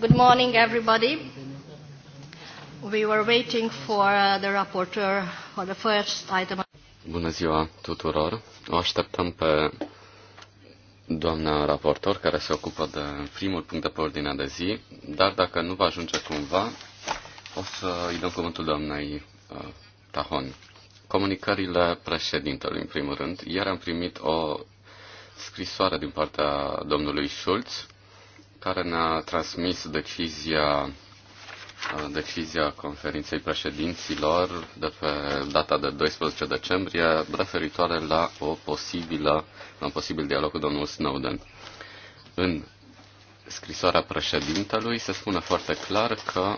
Good morning, everybody. We were waiting for uh, the rapporteur for the first item. Bună ziua tuturor. O așteptăm pe doamna raportor care se ocupă de primul punct de pe ordinea de zi, dar dacă nu va ajunge cumva, o să îi dăm cuvântul doamnei uh, Tahon. Comunicările președintelui, în primul rând. iar am primit o scrisoare din partea domnului Schulz, care ne-a transmis decizia decizia conferinței președinților de pe data de 12 decembrie referitoare la o posibilă, la un posibil dialog cu domnul Snowden. În scrisoarea președintelui se spune foarte clar că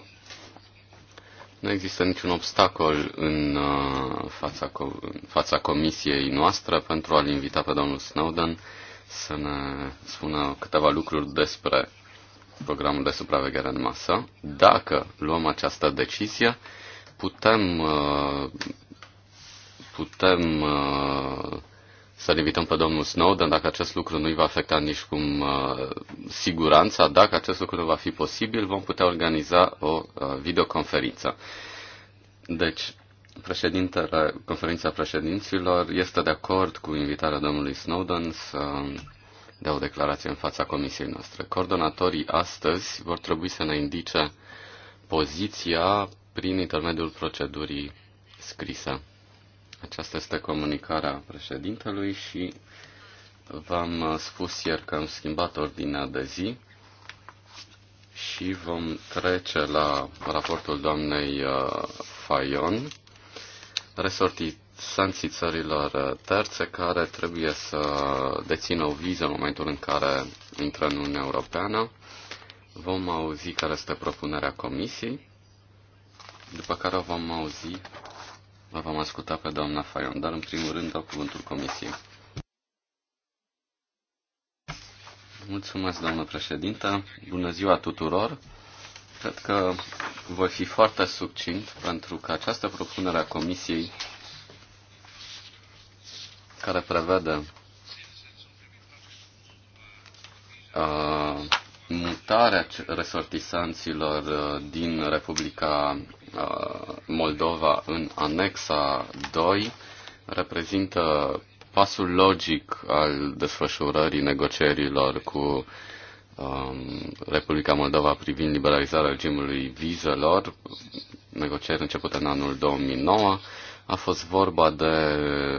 nu există niciun obstacol în uh, fața, în fața comisiei noastre pentru a-l invita pe domnul Snowden să ne spună câteva lucruri despre programul de supraveghere în masă, dacă luăm această decizie, putem, uh, putem uh, să-l invităm pe domnul Snowden dacă acest lucru nu-i va afecta nici cum uh, siguranța. Dacă acest lucru nu va fi posibil, vom putea organiza o videoconferință. Deci, președintele, conferința președinților este de acord cu invitarea domnului Snowden să de o declarație în fața comisiei noastre. Coordonatorii astăzi vor trebui să ne indice poziția prin intermediul procedurii scrise. Aceasta este comunicarea președintelui și v-am spus ieri că am schimbat ordinea de zi și vom trece la raportul doamnei uh, Fayon, resortit sancții țărilor terțe care trebuie să dețină o viză în momentul în care intră în Uniunea Europeană. Vom auzi care este propunerea comisiei, după care o vom auzi, o vom asculta pe doamna Fayon, dar în primul rând dau cuvântul comisiei. Mulțumesc, doamnă președintă. Bună ziua tuturor. Cred că voi fi foarte succint pentru că această propunere a Comisiei care prevede a, mutarea resortisanților din Republica a, Moldova în anexa 2 reprezintă pasul logic al desfășurării negocierilor cu Republica Moldova privind liberalizarea regimului vizelor, negocieri începute în anul 2009. A fost vorba de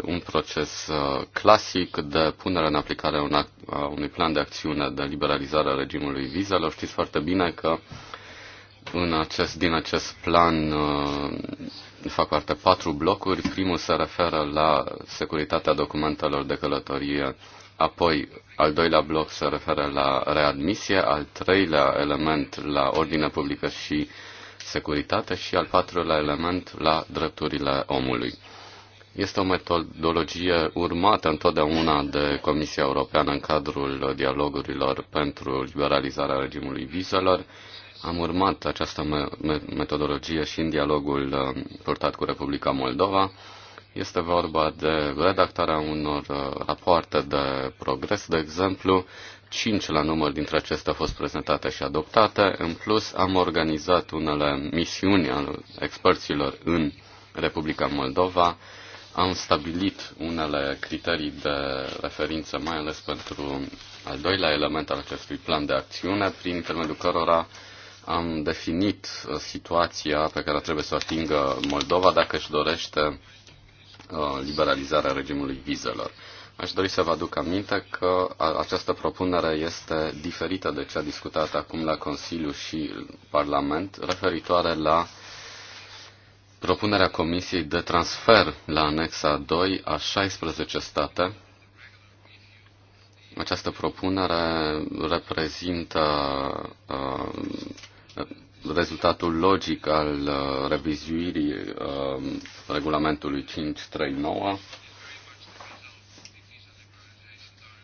un proces uh, clasic de punere în aplicare a unui plan de acțiune de liberalizare a regimului vizelor. Știți foarte bine că în acest, din acest plan uh, fac parte patru blocuri. Primul se referă la securitatea documentelor de călătorie, apoi al doilea bloc se referă la readmisie, al treilea element la ordine publică și uh, securitate și al patrulea element la drepturile omului. Este o metodologie urmată întotdeauna de Comisia Europeană în cadrul dialogurilor pentru liberalizarea regimului vizelor. Am urmat această metodologie și în dialogul uh, purtat cu Republica Moldova este vorba de redactarea unor uh, rapoarte de progres, de exemplu, cinci la număr dintre acestea au fost prezentate și adoptate. În plus, am organizat unele misiuni al experților în Republica Moldova. Am stabilit unele criterii de referință, mai ales pentru al doilea element al acestui plan de acțiune, prin intermediul cărora am definit uh, situația pe care trebuie să o atingă Moldova dacă își dorește Uh, liberalizarea regimului vizelor. Aș dori să vă aduc aminte că această propunere este diferită de cea discutată acum la Consiliu și Parlament referitoare la propunerea Comisiei de transfer la anexa 2 a 16 state. Această propunere reprezintă uh, rezultatul logic al uh, revizuirii uh, regulamentului 539.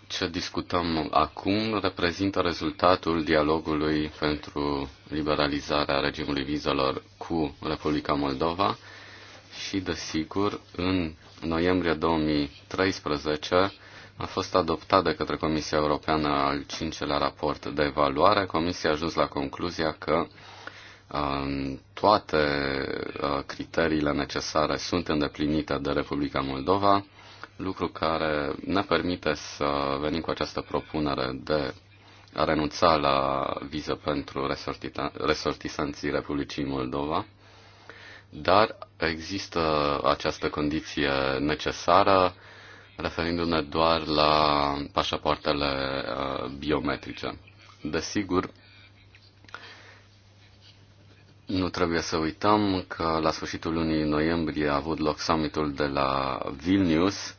Ce discutăm acum reprezintă rezultatul dialogului pentru liberalizarea regimului vizelor cu Republica Moldova și, desigur, în noiembrie 2013 a fost adoptat de către Comisia Europeană al cincelea raport de evaluare. Comisia a ajuns la concluzia că uh, toate uh, criteriile necesare sunt îndeplinite de Republica Moldova, lucru care ne permite să venim cu această propunere de a renunța la viză pentru resortisanții Republicii Moldova, dar există această condiție necesară referindu-ne doar la pașapoartele uh, biometrice. Desigur, nu trebuie să uităm că la sfârșitul lunii noiembrie a avut loc summitul de la Vilnius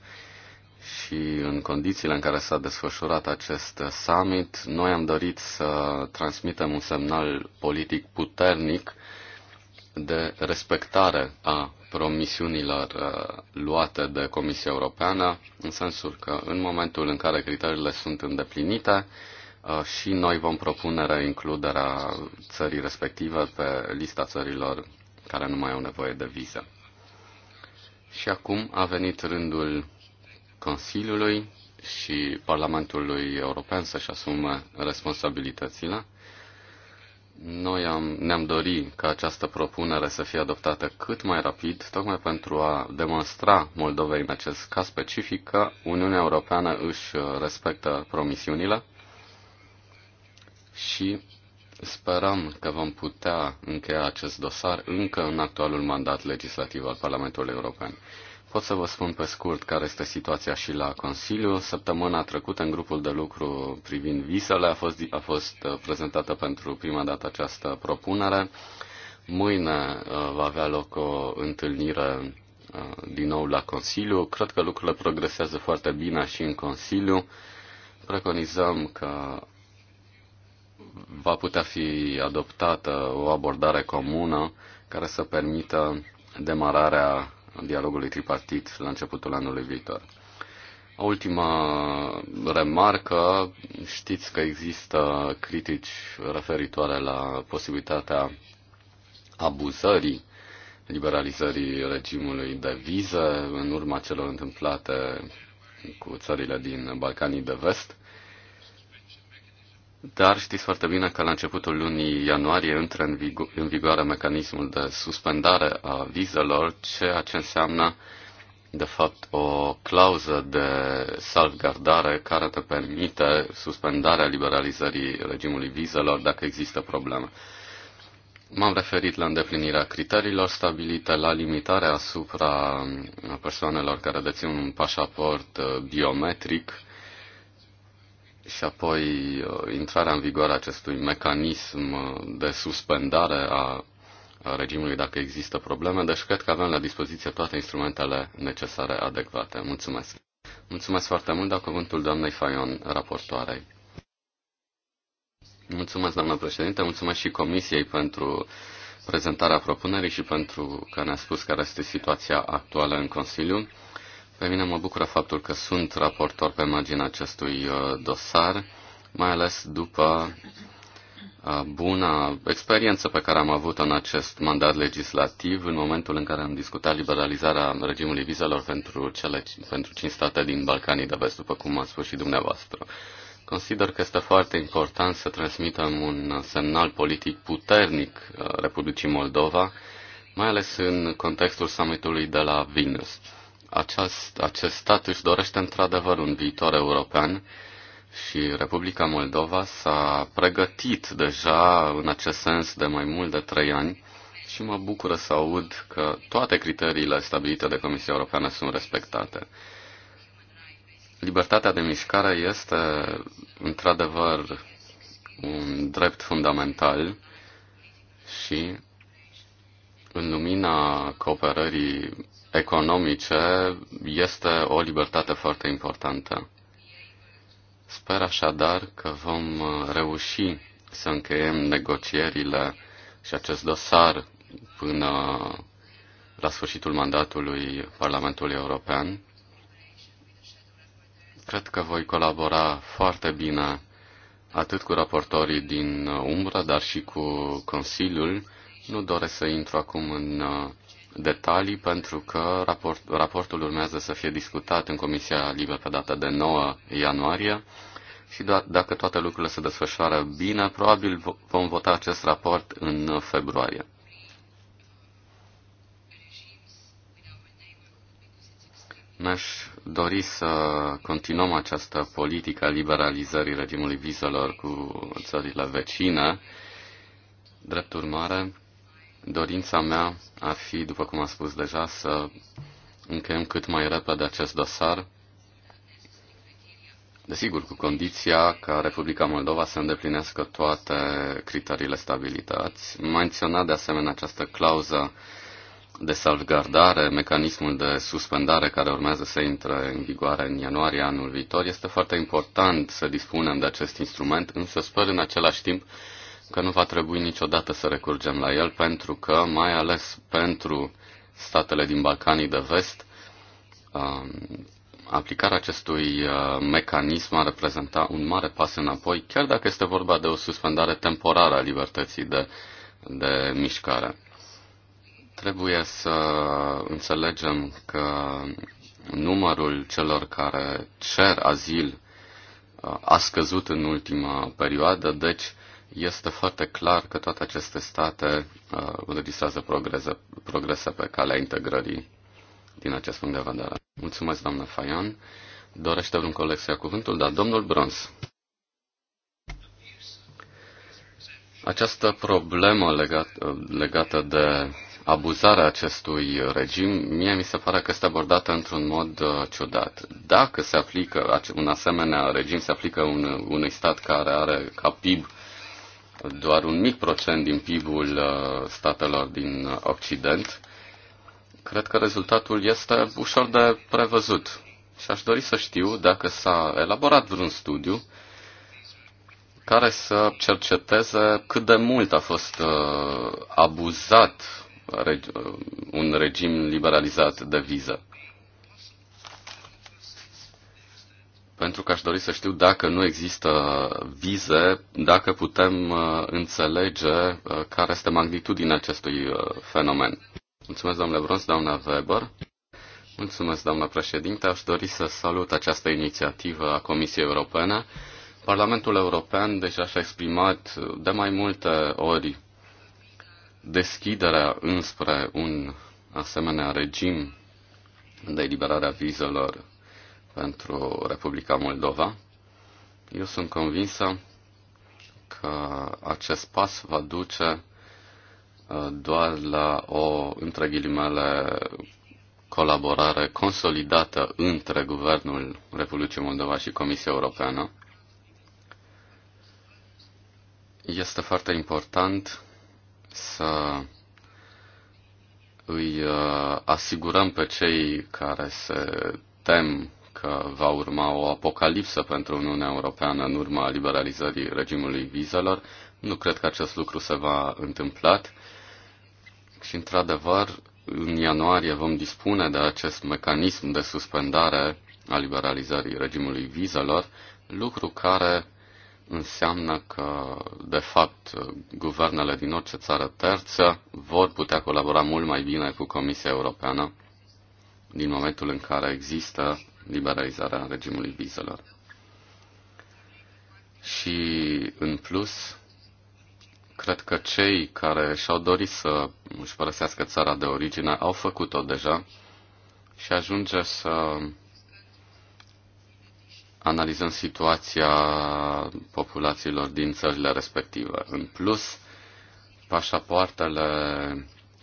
și în condițiile în care s-a desfășurat acest summit, noi am dorit să transmitem un semnal politic puternic de respectare a promisiunilor uh, luate de Comisia Europeană, în sensul că în momentul în care criteriile sunt îndeplinite, Uh, și noi vom propune includerea țării respective pe lista țărilor care nu mai au nevoie de viză. Și acum a venit rândul Consiliului și Parlamentului European să-și asume responsabilitățile. Noi am, ne-am dorit ca această propunere să fie adoptată cât mai rapid, tocmai pentru a demonstra Moldovei în acest caz specific că Uniunea Europeană își respectă promisiunile și sperăm că vom putea încheia acest dosar încă în actualul mandat legislativ al Parlamentului European. Pot să vă spun pe scurt care este situația și la Consiliu. Săptămâna trecută, în grupul de lucru privind visele, a fost, a fost uh, prezentată pentru prima dată această propunere. Mâine uh, va avea loc o întâlnire uh, din nou la Consiliu. Cred că lucrurile progresează foarte bine și în Consiliu. Preconizăm că va putea fi adoptată o abordare comună care să permită demararea dialogului tripartit la începutul anului viitor. O ultima remarcă, știți că există critici referitoare la posibilitatea abuzării liberalizării regimului de viză în urma celor întâmplate cu țările din Balcanii de Vest. Dar știți foarte bine că la începutul lunii ianuarie intră în, vigo- în vigoare mecanismul de suspendare a vizelor, ceea ce înseamnă, de fapt, o clauză de salvgardare care te permite suspendarea liberalizării regimului vizelor dacă există probleme. M-am referit la îndeplinirea criteriilor stabilite, la limitarea asupra mm, persoanelor care dețin un pașaport uh, biometric, și apoi uh, intrarea în vigoare a acestui mecanism uh, de suspendare a regimului dacă există probleme, deci cred că avem la dispoziție toate instrumentele necesare adecvate. Mulțumesc! Mulțumesc foarte mult, dacă cuvântul doamnei Fayon, raportoarei. Mulțumesc, doamnă președinte, mulțumesc și Comisiei pentru prezentarea propunerii și pentru că ne-a spus care este situația actuală în Consiliu. Pe mine mă bucură faptul că sunt raportor pe marginea acestui uh, dosar, mai ales după uh, buna experiență pe care am avut în acest mandat legislativ în momentul în care am discutat liberalizarea regimului vizelor pentru, cele, pentru cinci state din Balcanii de Vest, după cum a spus și dumneavoastră. Consider că este foarte important să transmitem un semnal politic puternic uh, Republicii Moldova, mai ales în contextul summitului de la Vilnius Aceast, acest stat își dorește într-adevăr un viitor european și Republica Moldova s-a pregătit deja în acest sens de mai mult de trei ani și mă bucură să aud că toate criteriile stabilite de Comisia Europeană sunt respectate. Libertatea de mișcare este într-adevăr un drept fundamental și în lumina cooperării economice este o libertate foarte importantă. Sper așadar că vom uh, reuși să încheiem negocierile și acest dosar până la sfârșitul mandatului Parlamentului European. Cred că voi colabora foarte bine atât cu raportorii din umbră, dar și cu Consiliul. Nu doresc să intru acum în uh, detalii pentru că raport, raportul urmează să fie discutat în Comisia Libă pe data de 9 ianuarie și do- dacă toate lucrurile se desfășoară bine, probabil vom vota acest raport în februarie. Mi-aș dori să continuăm această politică a liberalizării regimului vizelor cu țările vecine. Drept urmare, Dorința mea ar fi, după cum am spus deja, să încheiem cât mai repede acest dosar, desigur cu condiția ca Republica Moldova să îndeplinească toate criteriile stabilități. Ați menționat de asemenea această clauză de salvgardare, mecanismul de suspendare care urmează să intre în vigoare în ianuarie anul viitor. Este foarte important să dispunem de acest instrument, însă sper în același timp că nu va trebui niciodată să recurgem la el, pentru că, mai ales pentru statele din Balcanii de Vest, um, aplicarea acestui uh, mecanism a reprezenta un mare pas înapoi, chiar dacă este vorba de o suspendare temporară a libertății de, de mișcare. Trebuie să înțelegem că numărul celor care cer azil uh, a scăzut în ultima perioadă, deci este foarte clar că toate aceste state uh, înregistrează progrese, progrese pe calea integrării din acest punct de vedere. Mulțumesc, doamnă Fayan. Dorește un coleg să ia cuvântul? dar domnul Brons. Această problemă legat, legată de abuzarea acestui regim, mie mi se pare că este abordată într-un mod uh, ciudat. Dacă se aplică un asemenea regim, se aplică un, unui stat care are ca PIB doar un mic procent din PIB-ul uh, statelor din Occident, cred că rezultatul este ușor de prevăzut. Și aș dori să știu dacă s-a elaborat vreun studiu care să cerceteze cât de mult a fost uh, abuzat uh, un regim liberalizat de viză. pentru că aș dori să știu dacă nu există vize, dacă putem uh, înțelege uh, care este magnitudinea acestui uh, fenomen. Mulțumesc, domnule Brons, doamna Weber. Mulțumesc, doamna președinte. Aș dori să salut această inițiativă a Comisiei Europene. Parlamentul European deja și-a exprimat de mai multe ori deschiderea înspre un asemenea regim de eliberare a vizelor pentru Republica Moldova. Eu sunt convinsă că acest pas va duce uh, doar la o, între ghilimele, colaborare consolidată între Guvernul Republicii Moldova și Comisia Europeană. Este foarte important să îi uh, asigurăm pe cei care se tem că va urma o apocalipsă pentru Uniunea Europeană în urma liberalizării regimului vizelor. Nu cred că acest lucru se va întâmpla și, într-adevăr, în ianuarie vom dispune de acest mecanism de suspendare a liberalizării regimului vizelor, lucru care înseamnă că, de fapt, guvernele din orice țară terță vor putea colabora mult mai bine cu Comisia Europeană din momentul în care există liberalizarea regimului vizelor. Și, în plus, cred că cei care și-au dorit să își părăsească țara de origine au făcut-o deja și ajunge să analizăm situația populațiilor din țările respective. În plus, pașapoartele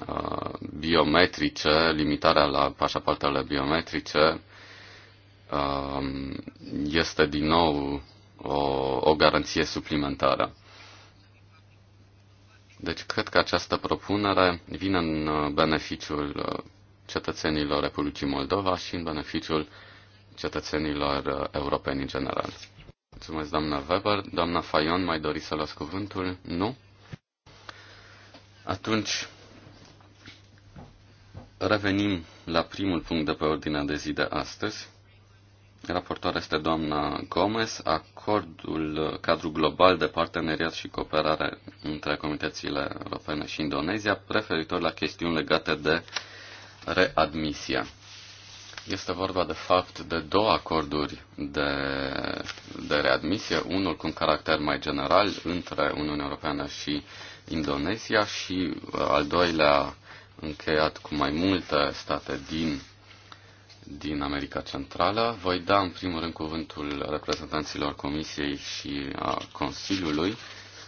uh, biometrice, limitarea la pașapoartele biometrice Um, este din nou o, o garanție suplimentară. Deci cred că această propunere vine în beneficiul cetățenilor Republicii Moldova și în beneficiul cetățenilor europeni în general. Mulțumesc, doamna Weber. Doamna Fayon, mai doriți să las cuvântul? Nu? Atunci, revenim la primul punct de pe ordinea de zi de astăzi. Raportoarea este doamna Gomez. Acordul cadru global de parteneriat și cooperare între comunitățile europene și Indonezia, referitor la chestiuni legate de readmisia. Este vorba de fapt de două acorduri de, de readmisie, unul cu un caracter mai general între Uniunea Europeană și Indonezia și uh, al doilea încheiat cu mai multe state din din America Centrală. Voi da în primul rând cuvântul reprezentanților Comisiei și a Consiliului,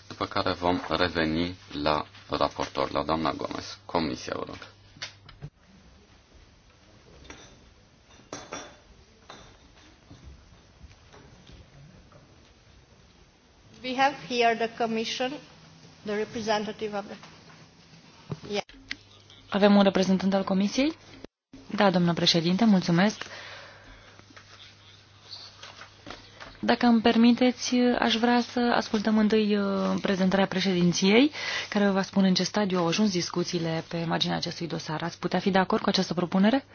după care vom reveni la raportor, la doamna Gomez. Comisia, vă rog. We have here the commission, the representative of the... Yeah. Avem un reprezentant al comisiei? Da, domnul președinte, mulțumesc. Dacă îmi permiteți, aș vrea să ascultăm întâi uh, prezentarea președinției, care vă va spune în ce stadiu au ajuns discuțiile pe marginea acestui dosar. Ați putea fi de acord cu această propunere?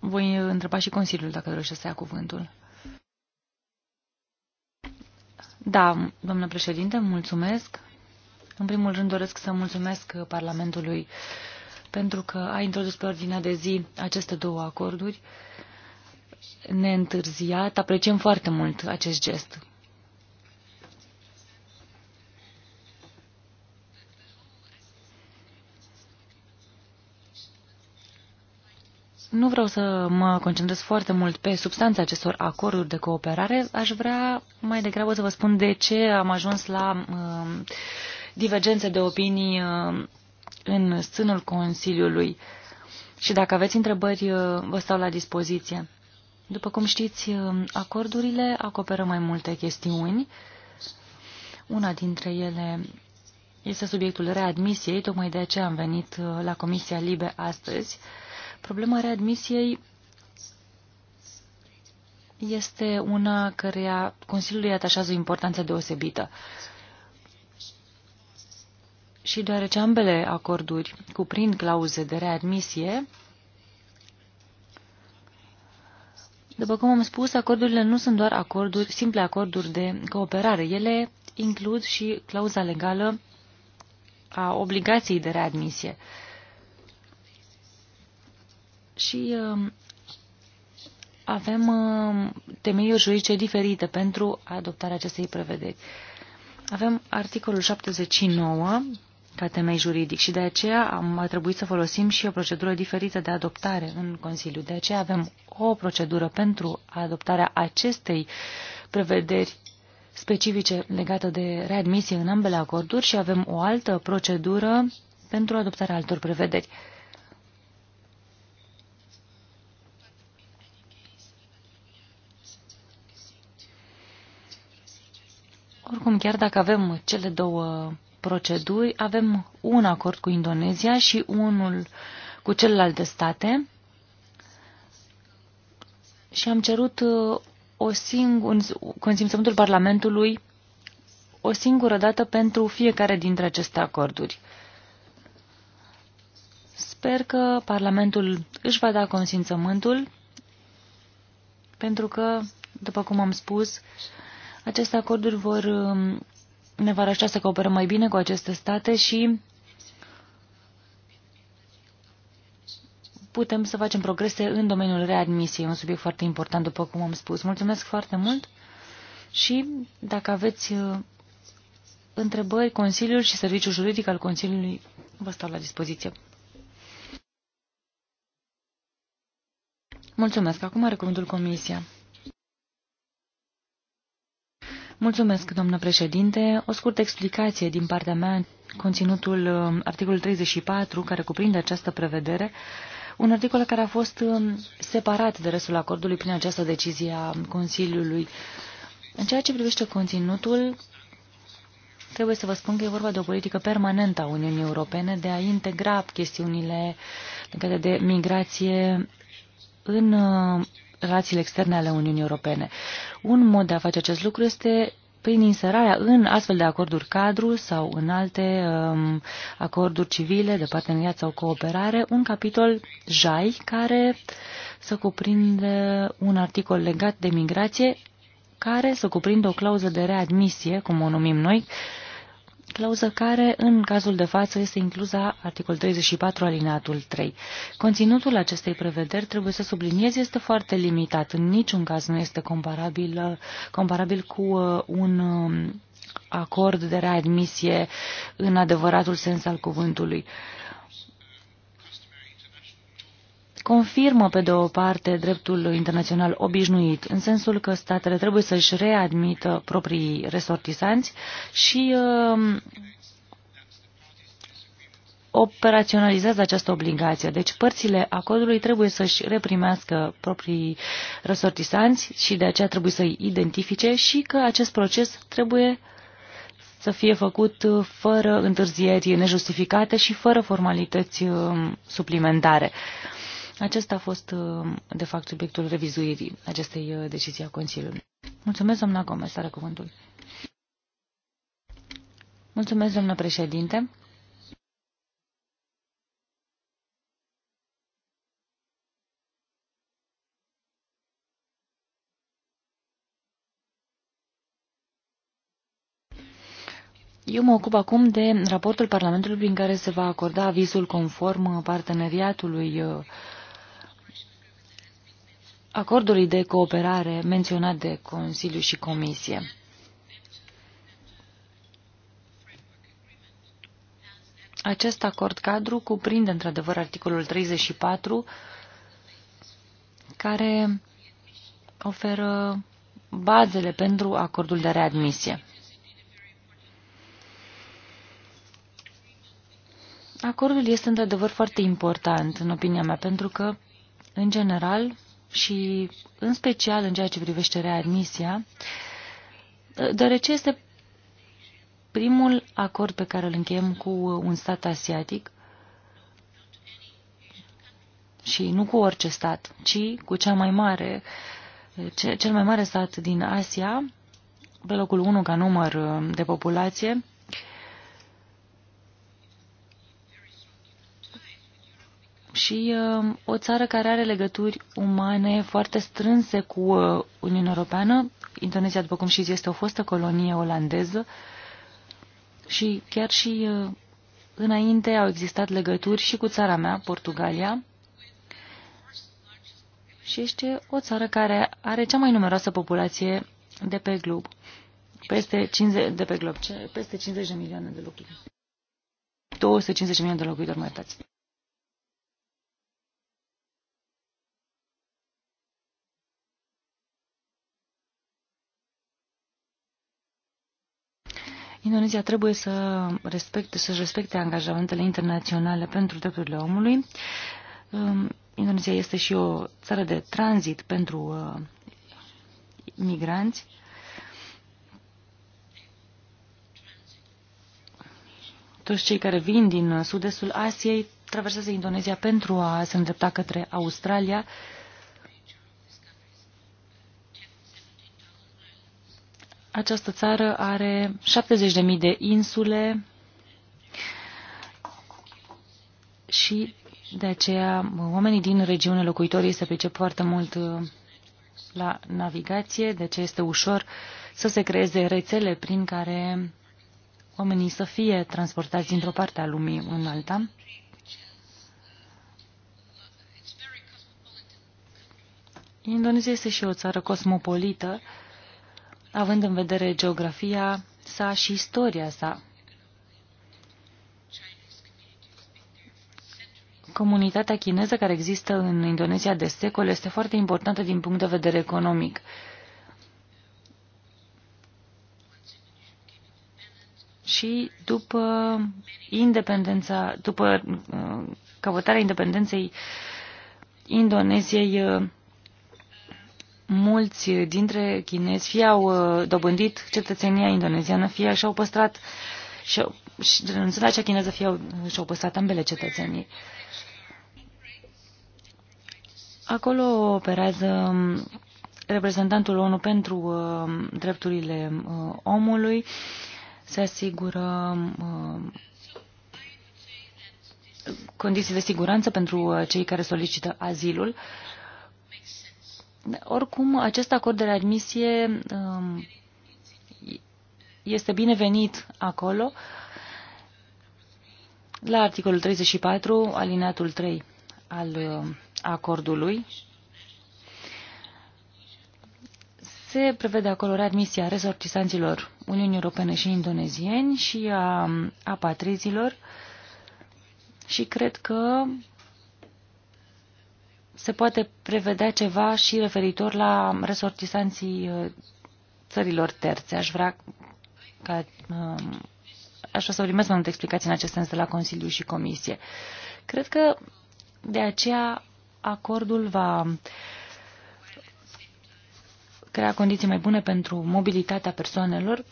Voi întreba și Consiliul dacă dorește să ia cuvântul. Da, domnule președinte, mulțumesc. În primul rând doresc să mulțumesc Parlamentului pentru că a introdus pe ordinea de zi aceste două acorduri neîntârziat. Apreciem foarte mult acest gest. Nu vreau să mă concentrez foarte mult pe substanța acestor acorduri de cooperare. Aș vrea mai degrabă să vă spun de ce am ajuns la uh, divergențe de opinii uh, în sânul Consiliului. Și dacă aveți întrebări, uh, vă stau la dispoziție. După cum știți, um, acordurile acoperă mai multe chestiuni. Una dintre ele este subiectul readmisiei, tocmai de aceea am venit uh, la Comisia Libe astăzi. Uh, Problema readmisiei este una căreia Consiliului atașează o importanță deosebită. Și deoarece ambele acorduri cuprind clauze de readmisie, după cum am spus, acordurile nu sunt doar acorduri, simple acorduri de cooperare. Ele includ și clauza legală a obligației de readmisie și um, avem um, temeiuri juridice diferite pentru adoptarea acestei prevederi. Avem articolul 79 ca temei juridic și de aceea am, a trebuit să folosim și o procedură diferită de adoptare în Consiliu. De aceea avem o procedură pentru adoptarea acestei prevederi specifice legate de readmisie în ambele acorduri și avem o altă procedură pentru adoptarea altor prevederi. Oricum, chiar dacă avem cele două proceduri, avem un acord cu Indonezia și unul cu celelalte state și am cerut uh, o singur, consimțământul Parlamentului o singură dată pentru fiecare dintre aceste acorduri. Sper că Parlamentul își va da consimțământul, pentru că, după cum am spus, aceste acorduri vor, um, ne vor așa să cooperăm mai bine cu aceste state și putem să facem progrese în domeniul readmisiei, un subiect foarte important, după cum am spus. Mulțumesc foarte mult și dacă aveți uh, întrebări, Consiliul și Serviciul Juridic al Consiliului vă stau la dispoziție. Mulțumesc. Acum are cuvântul Comisia. Mulțumesc, domnule președinte. O scurtă explicație din partea mea, conținutul um, articolul 34, care cuprinde această prevedere, un articol care a fost um, separat de restul acordului prin această decizie a Consiliului. În ceea ce privește conținutul, trebuie să vă spun că e vorba de o politică permanentă a Uniunii Europene de a integra chestiunile legate de migrație în uh, relațiile externe ale Uniunii Europene. Un mod de a face acest lucru este prin inserarea în astfel de acorduri cadru sau în alte um, acorduri civile de parteneriat sau cooperare, un capitol JAI care să cuprindă un articol legat de migrație care să cuprindă o clauză de readmisie, cum o numim noi, uh, clauză care, în cazul de față, este inclusă articol 34 alineatul 3. Conținutul acestei prevederi, trebuie să subliniez, este foarte limitat. În niciun caz nu este comparabil, comparabil cu uh, un um, acord de readmisie în adevăratul sens al cuvântului. Uh, confirmă, pe de o parte, dreptul internațional obișnuit, în sensul că statele trebuie să-și readmită proprii resortisanți și uh, operaționalizează această obligație. Deci părțile acordului trebuie să-și reprimească proprii resortisanți și de aceea trebuie să-i identifice și că acest proces trebuie să fie făcut uh, fără întârzieri nejustificate și fără formalități um, suplimentare. Acesta a fost, de fapt, subiectul revizuirii acestei uh, decizii a Consiliului. Mulțumesc, doamna Gomes, are cuvântul. Mulțumesc, doamna președinte. Eu mă ocup acum de raportul Parlamentului prin care se va acorda avizul conform uh, parteneriatului uh, acordului de cooperare menționat de Consiliu și Comisie. Acest acord cadru cuprinde într-adevăr articolul 34 care oferă bazele pentru acordul de readmisie. Acordul este într-adevăr foarte important, în opinia mea, pentru că, în general, și în special în ceea ce privește readmisia, deoarece este primul acord pe care îl încheiem cu un stat asiatic și nu cu orice stat, ci cu cea mai mare, cel mai mare stat din Asia, pe locul 1 ca număr de populație, și uh, o țară care are legături umane foarte strânse cu uh, Uniunea Europeană. Indonezia, după cum știți, este o fostă colonie olandeză și chiar și uh, înainte au existat legături și cu țara mea, Portugalia, și este o țară care are cea mai numeroasă populație de pe glob, peste 50 de pe glob, peste 50 de milioane de locuitori. 250 de milioane de locuitori, mai tați. Indonezia trebuie să respecte, să respecte angajamentele internaționale pentru drepturile omului. Um, Indonezia este și o țară de tranzit pentru uh, migranți. Toți cei care vin din uh, sud-estul Asiei traversează Indonezia pentru a se îndrepta către Australia Această țară are 70.000 de insule și de aceea oamenii din regiune, locuitorii, se pricep foarte mult uh, la navigație, de aceea este ușor să se creeze rețele prin care oamenii să fie transportați dintr-o parte a lumii în alta. Indonezia este și o țară cosmopolită, având în vedere geografia sa și istoria sa. Comunitatea chineză care există în Indonezia de secole este foarte importantă din punct de vedere economic. Și după independența, după uh, căutarea independenței Indoneziei, uh, mulți dintre chinezi fie au uh, dobândit cetățenia indoneziană, fie și-au păstrat și, și în zona cea chineză fie și-au păstrat ambele cetățenii. Acolo operează um, reprezentantul ONU pentru uh, drepturile uh, omului, se asigură um, condiții de siguranță pentru cei care solicită azilul. Uh, oricum, acest acord de readmisie um, este binevenit acolo la articolul 34, alineatul 3 al um, acordului. Se prevede acolo readmisia resortisanților Uniunii Europene și indonezieni și a apatrizilor și cred că se poate prevedea ceva și referitor la resortisanții uh, țărilor terțe. Aș vrea ca um, aș vrea să primesc mai multe explicații în acest sens de la Consiliu și Comisie. Cred că de aceea acordul va crea condiții mai bune pentru mobilitatea persoanelor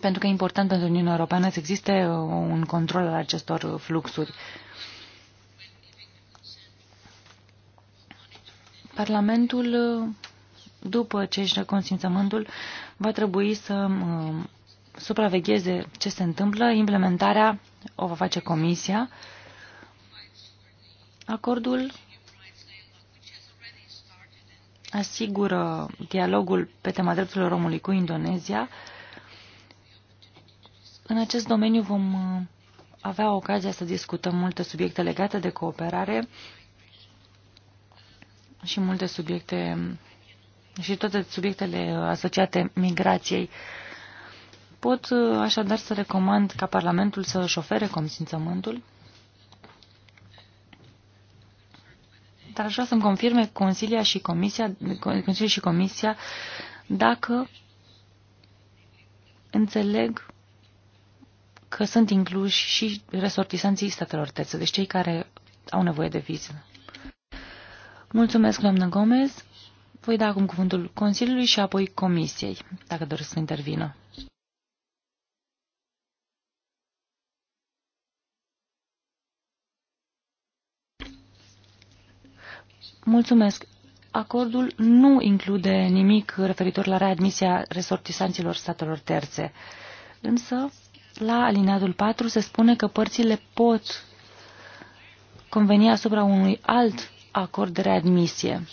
pentru că e important pentru Uniunea Europeană să existe uh, un control al acestor fluxuri. Parlamentul, uh, după ce își consimțământul, va trebui să uh, supravegheze ce se întâmplă. Implementarea o va face Comisia. Acordul asigură dialogul pe tema drepturilor omului cu Indonezia, în acest domeniu vom uh, avea ocazia să discutăm multe subiecte legate de cooperare și multe subiecte și toate subiectele asociate migrației. Pot uh, așadar să recomand ca Parlamentul să își ofere consimțământul, dar aș vrea să-mi confirme Consilia și Comisia, Consiliul și Comisia dacă înțeleg că sunt incluși și resortisanții statelor terțe, deci cei care au nevoie de viză. Mulțumesc, doamnă Gomez. Voi da acum cuvântul Consiliului și apoi Comisiei, dacă doresc să intervină. Mulțumesc. Acordul nu include nimic referitor la readmisia resortisanților statelor terțe, însă la alineatul 4 se spune că părțile pot conveni asupra unui alt acord de readmisie.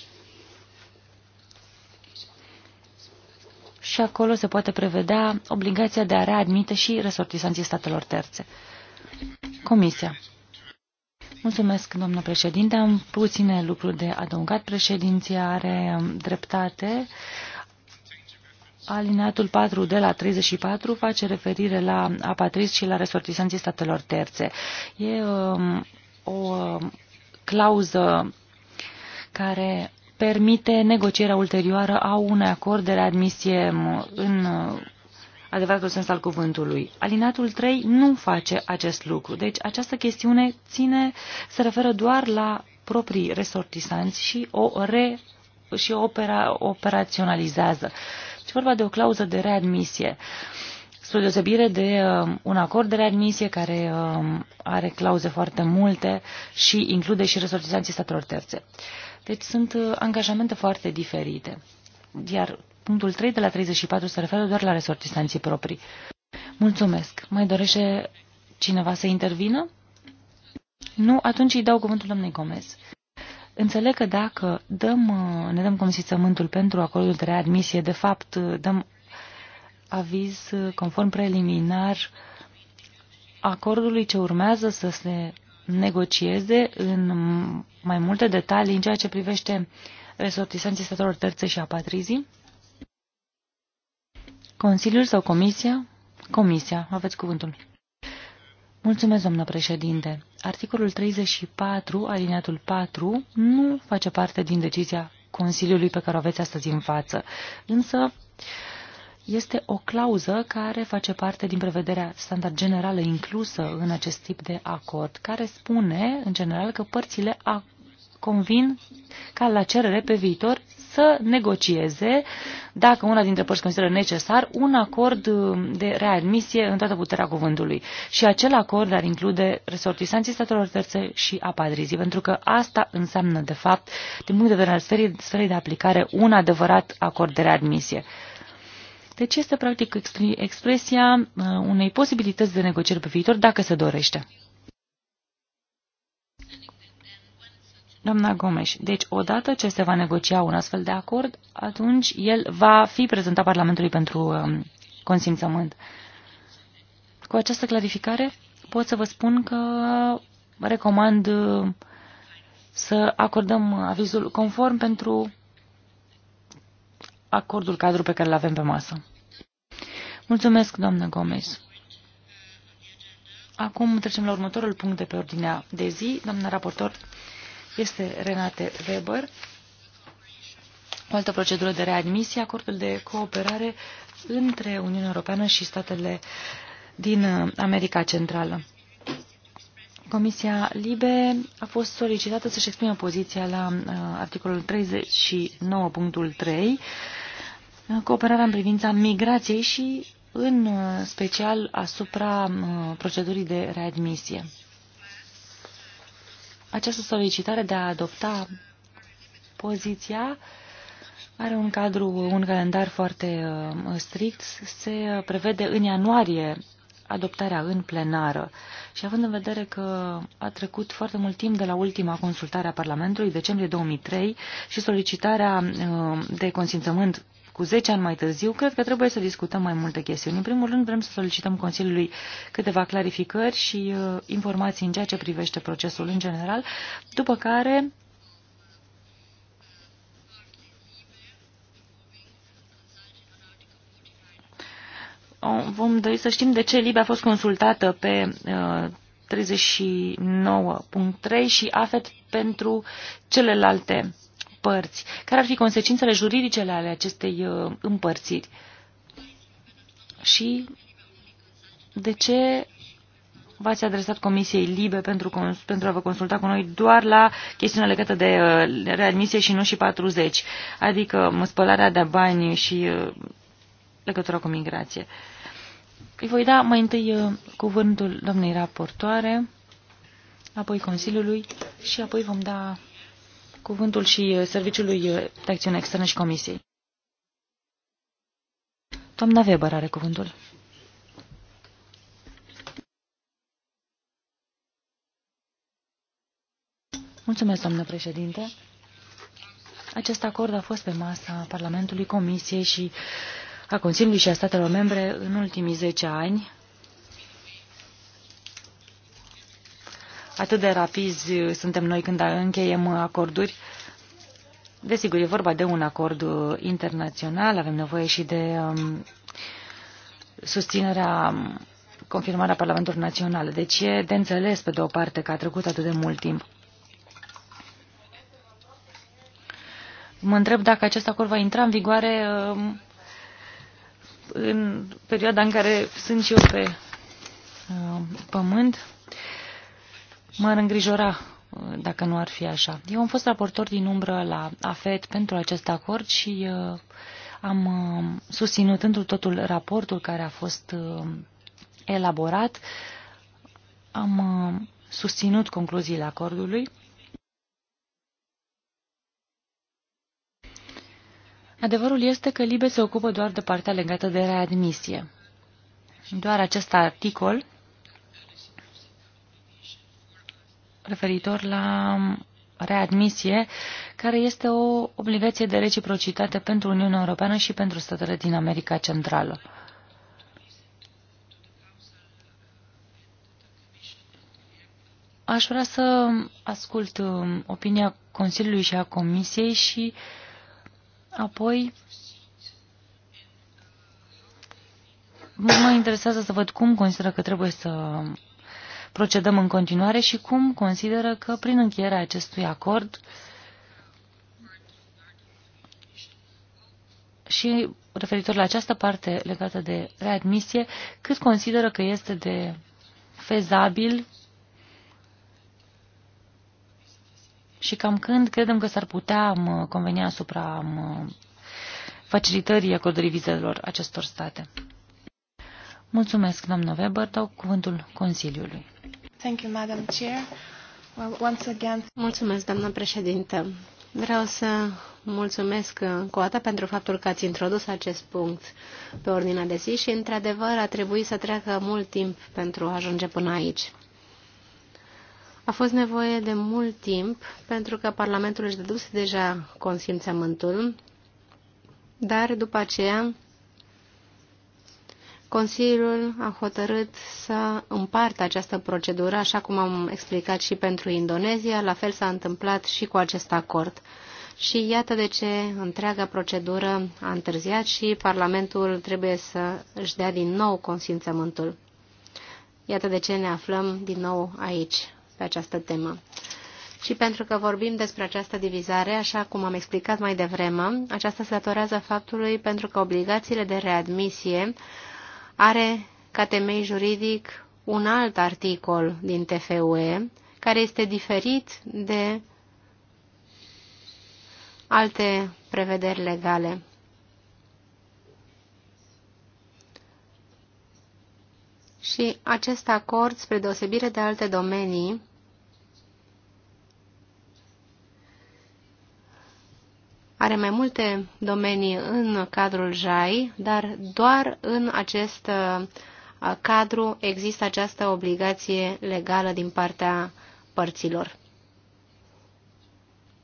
Și acolo se poate prevedea obligația de a readmite și resortisanții statelor terțe. Comisia. Mulțumesc, domnule președinte. Am puține lucruri de adăugat. Președinția are dreptate. Alineatul 4 de la 34 face referire la apatriți și la resortisanții statelor terțe. E um, o um, clauză care permite negocierea ulterioară a unui acord de readmisie um, în uh, adevăratul sens al cuvântului. Alinatul 3 nu face acest lucru, deci această chestiune ține, se referă doar la proprii resortisanți și o re și opera, operaționalizează. Uh, este vorba de o clauză de readmisie, spre deosebire de um, un acord de readmisie care um, are clauze foarte multe și include și resortizanții statelor terțe. Deci sunt uh, angajamente foarte diferite. Iar punctul 3 de la 34 se referă doar la resortizanții proprii. Mulțumesc. Mai dorește cineva să intervină? Nu? Atunci îi dau cuvântul doamnei Gomez. Înțeleg că dacă dăm, uh, ne dăm consimțământul pentru acordul de readmisie, de fapt uh, dăm aviz uh, conform preliminar acordului ce urmează să se negocieze în mai multe detalii în ceea ce privește resortisanții statelor terțe și apatrizii. Consiliul sau Comisia? Comisia, aveți cuvântul. Mulțumesc, domnule președinte. Articolul 34, alineatul 4, nu face parte din decizia Consiliului pe care o aveți astăzi în față, însă este o clauză care face parte din prevederea standard generală inclusă în acest tip de acord, care spune, în general, că părțile convin ca la cerere pe viitor să negocieze, dacă una dintre părți consideră necesar, un acord uh, de readmisie în toată puterea cuvântului. Și acel acord ar include resortisanții statelor terțe și apadrizii, pentru că asta înseamnă, de fapt, din punct de vedere al sferii, sferii de aplicare, un adevărat acord de readmisie. Deci este practic expresia uh, unei posibilități de negocieri pe viitor, dacă se dorește. Doamna Gomes, deci odată ce se va negocia un astfel de acord, atunci el va fi prezentat Parlamentului pentru um, consimțământ. Cu această clarificare pot să vă spun că recomand uh, să acordăm avizul conform pentru acordul cadru pe care îl avem pe masă. Mulțumesc, doamnă Gomes. Acum trecem la următorul punct de pe ordinea de zi. doamnă raportor, este Renate Weber. O altă procedură de readmisie, acordul de cooperare între Uniunea Europeană și statele din uh, America Centrală. Comisia Libe a fost solicitată să-și exprime poziția la uh, articolul 39.3, uh, cooperarea în privința migrației și în uh, special asupra procedurii de readmisie această solicitare de a adopta poziția are un cadru, un calendar foarte uh, strict. Se prevede în ianuarie adoptarea în plenară. Și având în vedere că a trecut foarte mult timp de la ultima consultare a Parlamentului, decembrie 2003, și solicitarea uh, de consimțământ cu 10 ani mai târziu, cred că trebuie să discutăm mai multe chestiuni. În primul rând, vrem să solicităm Consiliului câteva clarificări și uh, informații în ceea ce privește procesul în general, după care vom dori să știm de ce Libia a fost consultată pe uh, 39.3 și AFET pentru celelalte părți. Care ar fi consecințele juridice ale acestei uh, împărțiri? Și de ce v-ați adresat Comisiei Libe pentru, pentru a vă consulta cu noi doar la chestiunea legată de uh, readmisie și nu și 40, adică spălarea de bani și uh, legătura cu migrație. Îi voi da mai întâi cuvântul doamnei raportoare, apoi Consiliului și apoi vom da cuvântul și uh, Serviciului uh, de Acțiune Externă și Comisiei. Doamna Weber are cuvântul. Mulțumesc, doamnă președinte. Acest acord a fost pe masa Parlamentului, Comisiei și a Consiliului și a statelor membre în ultimii 10 ani, atât de rapizi uh, suntem noi când încheiem uh, acorduri. Desigur, e vorba de un acord uh, internațional, avem nevoie și de um, susținerea, um, confirmarea Parlamentului Național. Deci e de înțeles, pe de o parte, că a trecut atât de mult timp. Mă întreb dacă acest acord va intra în vigoare um, în perioada în care sunt și eu pe um, pământ. M-ar îngrijora uh, dacă nu ar fi așa. Eu am fost raportor din umbră la AFET pentru acest acord și uh, am uh, susținut într totul raportul care a fost uh, elaborat. Am uh, susținut concluziile acordului. Adevărul este că Libe se ocupă doar de partea legată de readmisie. Doar acest articol referitor la readmisie, care este o obligație de reciprocitate pentru Uniunea Europeană și pentru statele din America Centrală. Aș vrea să ascult um, opinia Consiliului și a Comisiei și apoi mă interesează să văd cum consideră că trebuie să procedăm în continuare și cum consideră că prin încheierea acestui acord și referitor la această parte legată de readmisie, cât consideră că este de fezabil și cam când credem că s-ar putea convenia asupra facilitării acordării vizelor acestor state. Mulțumesc, doamnă Weber. Dau cuvântul Consiliului. Thank you, Madam Chair. Well, once again... Mulțumesc, doamnă președintă. Vreau să mulțumesc încă o dată pentru faptul că ați introdus acest punct pe ordinea de zi și, într-adevăr, a trebuit să treacă mult timp pentru a ajunge până aici. A fost nevoie de mult timp pentru că Parlamentul își dăduse deja consimțământul, dar după aceea Consiliul a hotărât să împartă această procedură, așa cum am explicat și pentru Indonezia, la fel s-a întâmplat și cu acest acord. Și iată de ce întreaga procedură a întârziat și Parlamentul trebuie să își dea din nou consimțământul. Iată de ce ne aflăm din nou aici, pe această temă. Și pentru că vorbim despre această divizare, așa cum am explicat mai devreme, aceasta se datorează faptului pentru că obligațiile de readmisie are ca temei juridic un alt articol din TFUE, care este diferit de alte prevederi legale. Și acest acord, spre deosebire de alte domenii, are mai multe domenii în cadrul JAI, dar doar în acest uh, cadru există această obligație legală din partea părților.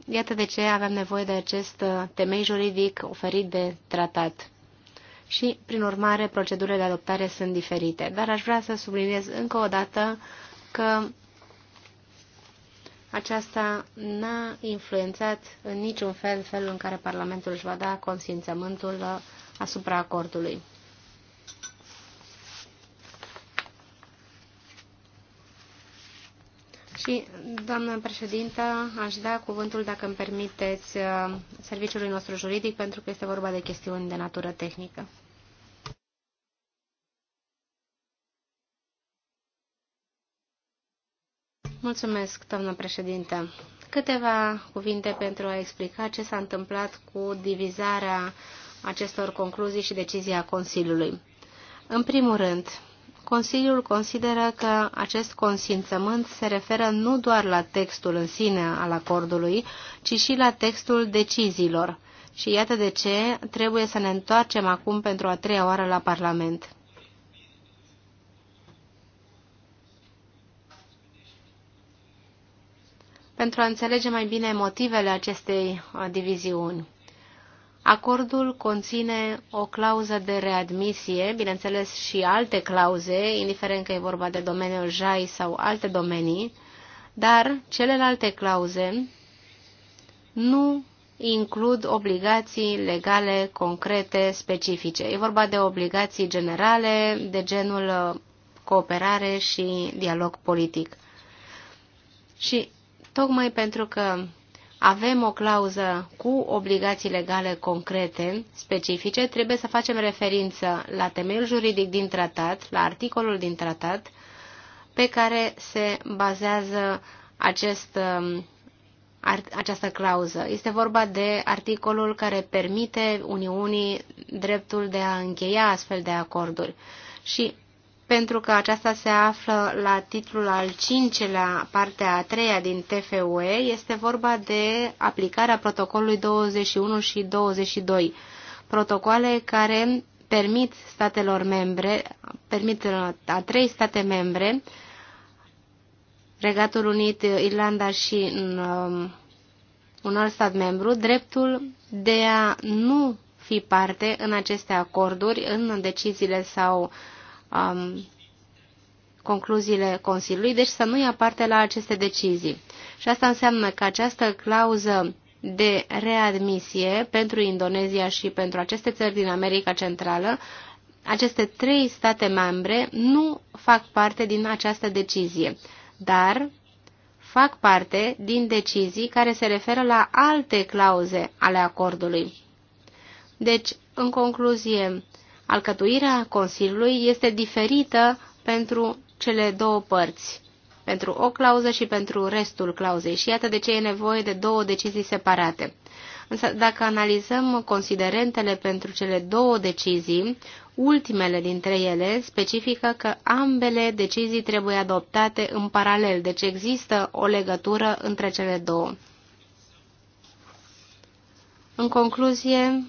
Iată de ce avem nevoie de acest uh, temei juridic oferit de tratat. Și, prin urmare, procedurile de adoptare sunt diferite. Dar aș vrea să subliniez încă o dată că aceasta n-a influențat în niciun fel felul în care Parlamentul își va da consimțământul uh, asupra acordului. Și, doamnă președintă, aș da cuvântul, dacă îmi permiteți, uh, serviciului nostru juridic, pentru că este vorba de chestiuni de natură tehnică. Mulțumesc, doamnă președinte. Câteva cuvinte pentru a explica ce s-a întâmplat cu divizarea acestor concluzii și decizia Consiliului. În primul rând, Consiliul consideră că acest consimțământ se referă nu doar la textul în sine al acordului, ci și la textul deciziilor. Și iată de ce trebuie să ne întoarcem acum pentru a treia oară la Parlament. pentru a înțelege mai bine motivele acestei uh, diviziuni. Acordul conține o clauză de readmisie, bineînțeles și alte clauze, indiferent că e vorba de domeniul JAI sau alte domenii, dar celelalte clauze nu includ obligații legale concrete specifice. E vorba de obligații generale de genul uh, cooperare și dialog politic. Și tocmai pentru că avem o clauză cu obligații legale concrete, specifice, trebuie să facem referință la temeiul juridic din tratat, la articolul din tratat, pe care se bazează acest, um, această clauză. Este vorba de articolul care permite Uniunii dreptul de a încheia astfel de acorduri. Și pentru că aceasta se află la titlul al cincelea, partea a treia din TFUE, este vorba de aplicarea protocolului 21 și 22, protocoale care permit statelor membre, permit uh, a trei state membre, Regatul Unit, Irlanda și um, un alt stat membru, dreptul de a nu fi parte în aceste acorduri, în deciziile sau uh, um, concluziile Consiliului, deci să nu ia parte la aceste decizii. Și asta înseamnă că această clauză de readmisie pentru Indonezia și pentru aceste țări din America Centrală, aceste trei state membre nu fac parte din această decizie, dar fac parte din decizii care se referă la alte clauze ale acordului. Deci, în concluzie, Alcătuirea Consiliului este diferită pentru cele două părți, pentru o clauză și pentru restul clauzei și iată de ce e nevoie de două decizii separate. Însă dacă analizăm considerentele pentru cele două decizii, ultimele dintre ele specifică că ambele decizii trebuie adoptate în paralel, deci există o legătură între cele două. În concluzie,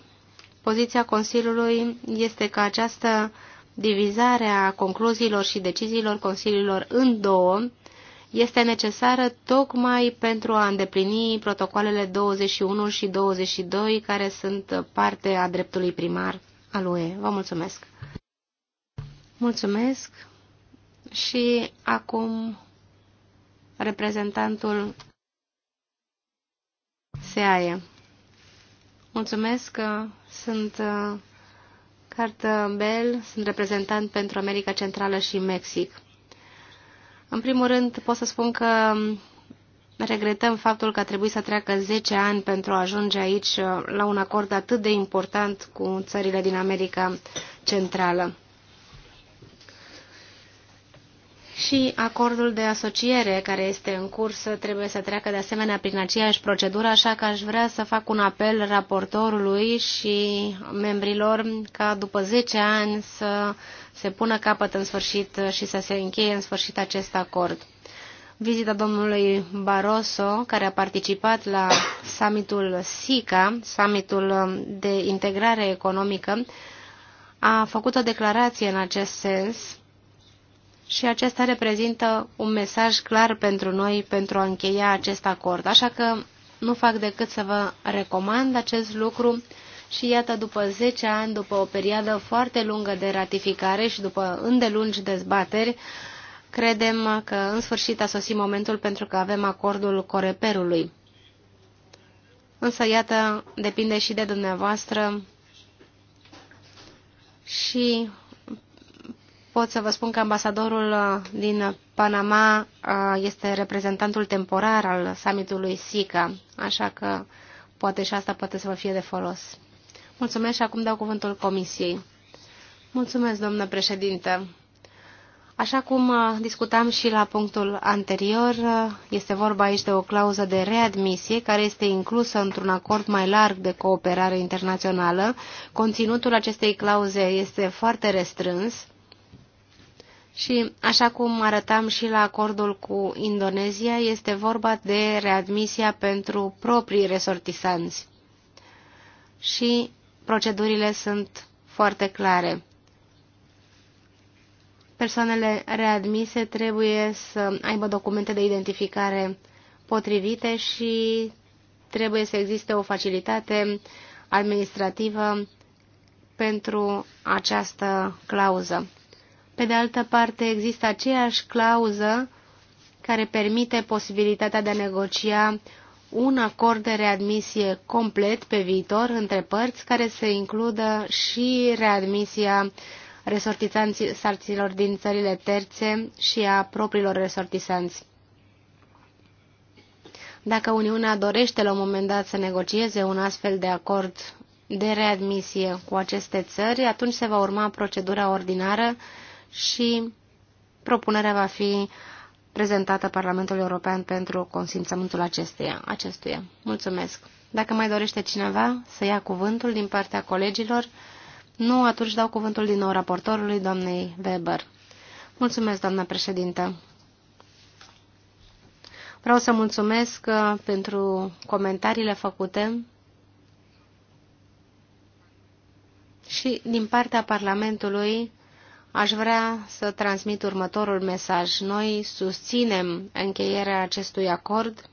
Poziția Consiliului este că această divizare a concluziilor și deciziilor Consiliilor în două este necesară tocmai pentru a îndeplini protocoalele 21 și 22 care sunt parte a dreptului primar al UE. Vă mulțumesc! Mulțumesc și acum reprezentantul SEAE. Mulțumesc, sunt uh, Carta Bell, sunt reprezentant pentru America Centrală și Mexic. În primul rând, pot să spun că um, regretăm faptul că a trebuit să treacă 10 ani pentru a ajunge aici uh, la un acord atât de important cu țările din America Centrală. Și acordul de asociere care este în curs trebuie să treacă de asemenea prin aceeași procedură, așa că aș vrea să fac un apel raportorului și membrilor ca după 10 ani să se pună capăt în sfârșit și să se încheie în sfârșit acest acord. Vizita domnului Barroso, care a participat la summitul SICA, summitul de integrare economică, a făcut o declarație în acest sens și acesta reprezintă un mesaj clar pentru noi pentru a încheia acest acord. Așa că nu fac decât să vă recomand acest lucru și iată, după 10 ani, după o perioadă foarte lungă de ratificare și după îndelungi dezbateri, credem că în sfârșit a sosit momentul pentru că avem acordul coreperului. Însă, iată, depinde și de dumneavoastră și pot să vă spun că ambasadorul uh, din Panama uh, este reprezentantul temporar al summitului SICA, așa că poate și asta poate să vă fie de folos. Mulțumesc și acum dau cuvântul Comisiei. Mulțumesc, domnă președinte. Așa cum uh, discutam și la punctul anterior, este vorba aici de o clauză de readmisie care este inclusă într-un acord mai larg de cooperare internațională. Conținutul acestei clauze este foarte restrâns și, așa cum arătam și la acordul cu Indonezia, este vorba de readmisia pentru proprii resortisanți. Și procedurile sunt foarte clare. Persoanele readmise trebuie să aibă documente de identificare potrivite și trebuie să existe o facilitate administrativă pentru această clauză. Pe de altă parte, există aceeași clauză care permite posibilitatea de a negocia un acord de readmisie complet pe viitor între părți care să includă și readmisia resortisanților din țările terțe și a propriilor resortisanți. Dacă Uniunea dorește la un moment dat să negocieze un astfel de acord de readmisie cu aceste țări, atunci se va urma procedura ordinară și propunerea va fi prezentată Parlamentului European pentru consimțământul acesteia, acestuia. Mulțumesc. Dacă mai dorește cineva să ia cuvântul din partea colegilor, nu, atunci dau cuvântul din nou raportorului, doamnei Weber. Mulțumesc, doamna președintă. Vreau să mulțumesc uh, pentru comentariile făcute și din partea Parlamentului Aș vrea să transmit următorul mesaj. Noi susținem încheierea acestui acord,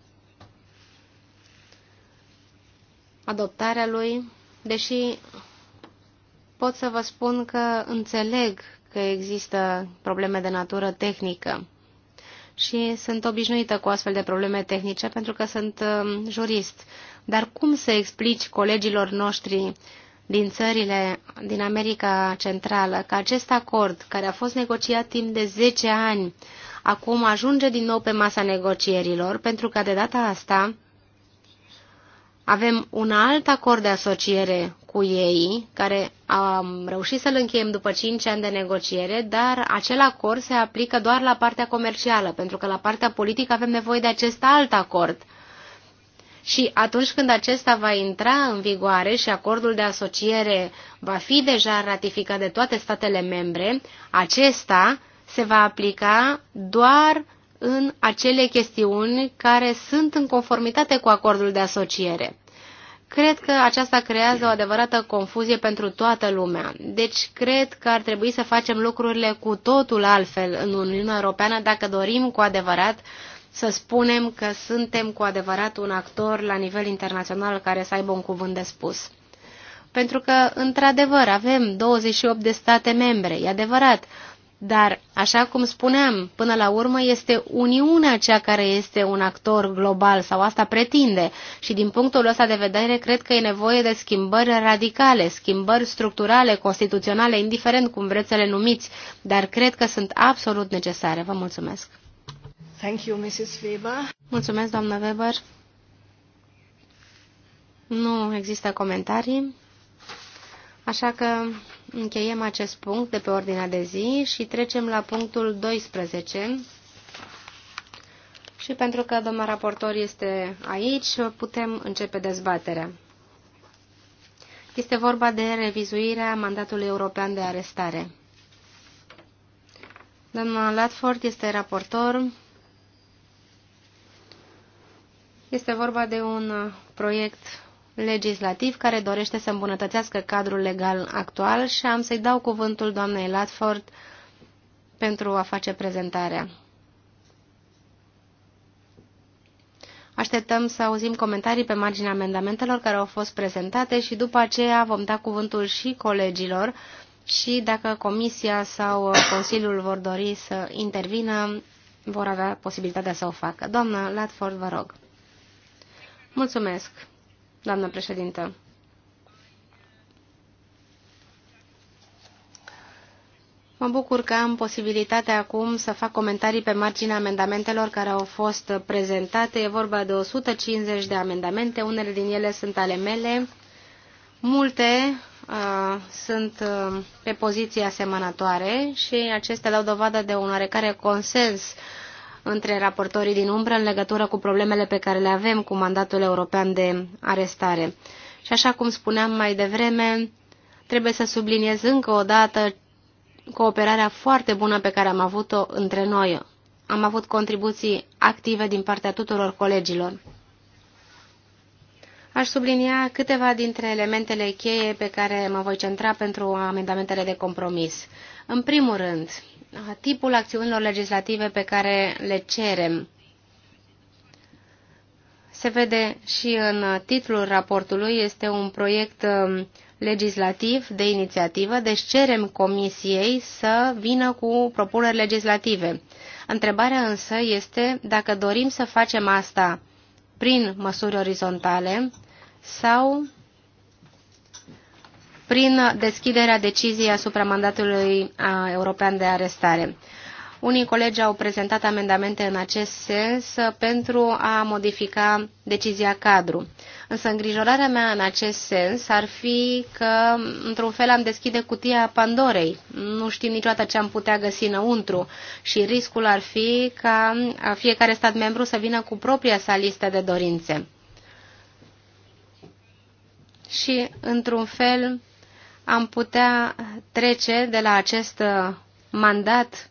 adoptarea lui, deși pot să vă spun că înțeleg că există probleme de natură tehnică și sunt obișnuită cu astfel de probleme tehnice pentru că sunt um, jurist. Dar cum să explici colegilor noștri uh, din țările din America Centrală că acest acord, care a fost negociat timp de 10 ani, acum ajunge din nou pe masa negocierilor, pentru că de data asta avem un alt acord de asociere cu ei, care am reușit să-l încheiem după 5 ani de negociere, dar acel acord se aplică doar la partea comercială, pentru că la partea politică avem nevoie de acest alt acord. Și atunci când acesta va intra în vigoare și acordul de asociere va fi deja ratificat de toate statele membre, acesta se va aplica doar în acele chestiuni care sunt în conformitate cu acordul de asociere. Cred că aceasta creează o adevărată confuzie pentru toată lumea. Deci cred că ar trebui să facem lucrurile cu totul altfel în Uniunea Europeană dacă dorim cu adevărat să spunem că suntem cu adevărat un actor la nivel internațional care să aibă un cuvânt de spus. Pentru că, într-adevăr, avem 28 de state membre, e adevărat, dar, așa cum spuneam, până la urmă este Uniunea cea care este un actor global sau asta pretinde și din punctul ăsta de vedere cred că e nevoie de schimbări radicale, schimbări structurale, constituționale, indiferent cum vreți să le numiți, dar cred că sunt absolut necesare. Vă mulțumesc! Thank you, Mrs. Weber. Mulțumesc, doamnă Weber. Nu există comentarii, așa că încheiem acest punct de pe ordinea de zi și trecem la punctul 12. Și pentru că domnul raportor este aici, putem începe dezbaterea. Este vorba de revizuirea mandatului european de arestare. Doamna Latford este raportor. Este vorba de un uh, proiect legislativ care dorește să îmbunătățească cadrul legal actual și am să-i dau cuvântul doamnei Latford pentru a face prezentarea. Așteptăm să auzim comentarii pe marginea amendamentelor care au fost prezentate și după aceea vom da cuvântul și colegilor și dacă Comisia sau uh, Consiliul vor dori să intervină, vor avea posibilitatea să o facă. Doamna Latford, vă rog. Mulțumesc, doamnă președintă. Mă bucur că am posibilitatea acum să fac comentarii pe marginea amendamentelor care au fost prezentate. E vorba de 150 de amendamente, unele din ele sunt ale mele, multe uh, sunt uh, pe poziții asemănătoare și acestea dau dovadă de un oarecare consens uh, între raportorii din umbră în legătură cu problemele pe care le avem cu mandatul european de arestare. Și așa cum spuneam mai devreme, trebuie să subliniez încă o dată cooperarea foarte bună pe care am avut-o între noi. Am avut contribuții active din partea tuturor colegilor. Aș sublinia câteva dintre elementele cheie pe care mă voi centra pentru amendamentele de compromis. În primul rând, tipul acțiunilor legislative pe care le cerem. Se vede și în titlul raportului, este un proiect um, legislativ de inițiativă, deci cerem Comisiei să vină cu propuneri legislative. Întrebarea însă este dacă dorim să facem asta prin măsuri orizontale sau prin deschiderea deciziei asupra mandatului european de arestare. Unii colegi au prezentat amendamente în acest sens pentru a modifica decizia cadru. Însă îngrijorarea mea în acest sens ar fi că, într-un fel, am deschide cutia Pandorei. Nu știm niciodată ce am putea găsi înăuntru și riscul ar fi ca fiecare stat membru să vină cu propria sa listă de dorințe. Și, într-un fel, am putea trece de la acest uh, mandat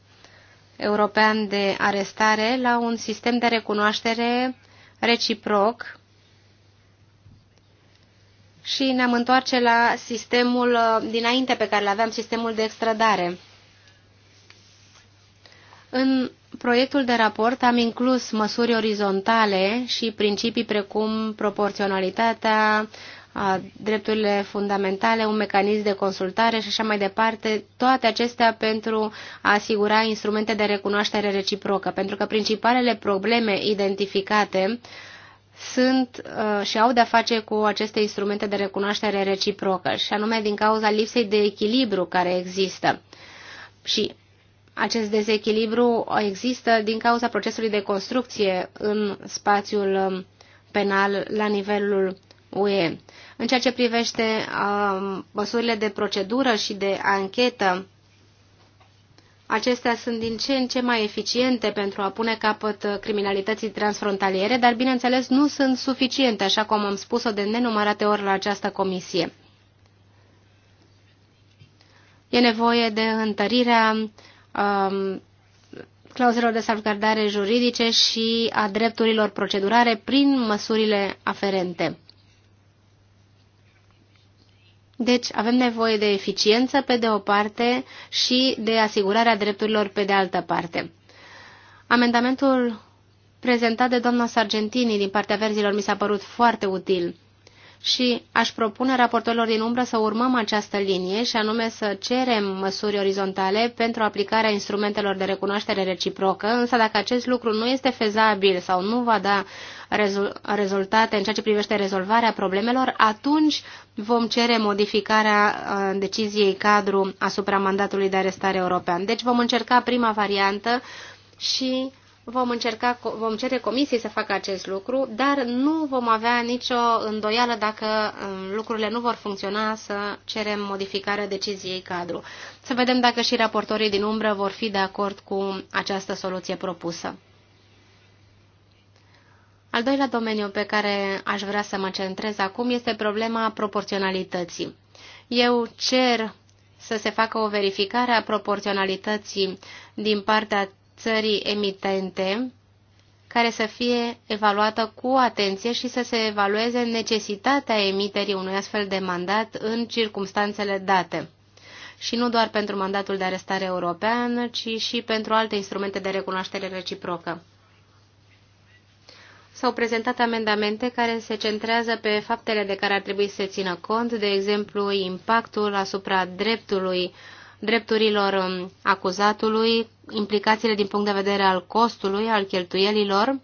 european de arestare la un sistem de recunoaștere reciproc și ne-am întoarce la sistemul uh, dinainte pe care îl aveam, sistemul de extradare. În proiectul de raport am inclus măsuri orizontale și principii precum proporționalitatea, drepturile fundamentale, un mecanism de consultare și așa mai departe, toate acestea pentru a asigura instrumente de recunoaștere reciprocă, pentru că principalele probleme identificate sunt uh, și au de-a face cu aceste instrumente de recunoaștere reciprocă, și anume din cauza lipsei de echilibru care există. Și acest dezechilibru există din cauza procesului de construcție în spațiul um, penal la nivelul UE. În ceea ce privește um, măsurile de procedură și de anchetă, Acestea sunt din ce în ce mai eficiente pentru a pune capăt criminalității transfrontaliere, dar bineînțeles nu sunt suficiente, așa cum am spus-o de nenumărate ori la această comisie. E nevoie de întărirea um, clauzelor de salvgardare juridice și a drepturilor procedurare prin măsurile aferente. Deci avem nevoie de eficiență pe de o parte și de asigurarea drepturilor pe de altă parte. Amendamentul prezentat de doamna Sargentini din partea verzilor mi s-a părut foarte util și aș propune raportorilor din umbră să urmăm această linie și anume să cerem măsuri orizontale pentru aplicarea instrumentelor de recunoaștere reciprocă, însă dacă acest lucru nu este fezabil sau nu va da rezultate în ceea ce privește rezolvarea problemelor, atunci vom cere modificarea uh, deciziei cadru asupra mandatului de arestare european. Deci vom încerca prima variantă și Vom, încerca, vom cere comisiei să facă acest lucru, dar nu vom avea nicio îndoială dacă um, lucrurile nu vor funcționa să cerem modificarea deciziei cadru. Să vedem dacă și raportorii din umbră vor fi de acord cu această soluție propusă. Al doilea domeniu pe care aș vrea să mă centrez acum este problema proporționalității. Eu cer să se facă o verificare a proporționalității din partea țării emitente care să fie evaluată cu atenție și să se evalueze necesitatea emiterii unui astfel de mandat în circumstanțele date. Și nu doar pentru mandatul de arestare european, ci și pentru alte instrumente de recunoaștere reciprocă. S-au prezentat amendamente care se centrează pe faptele de care ar trebui să se țină cont, de exemplu impactul asupra dreptului uh, drepturilor um, acuzatului, implicațiile din punct de vedere al costului, al cheltuielilor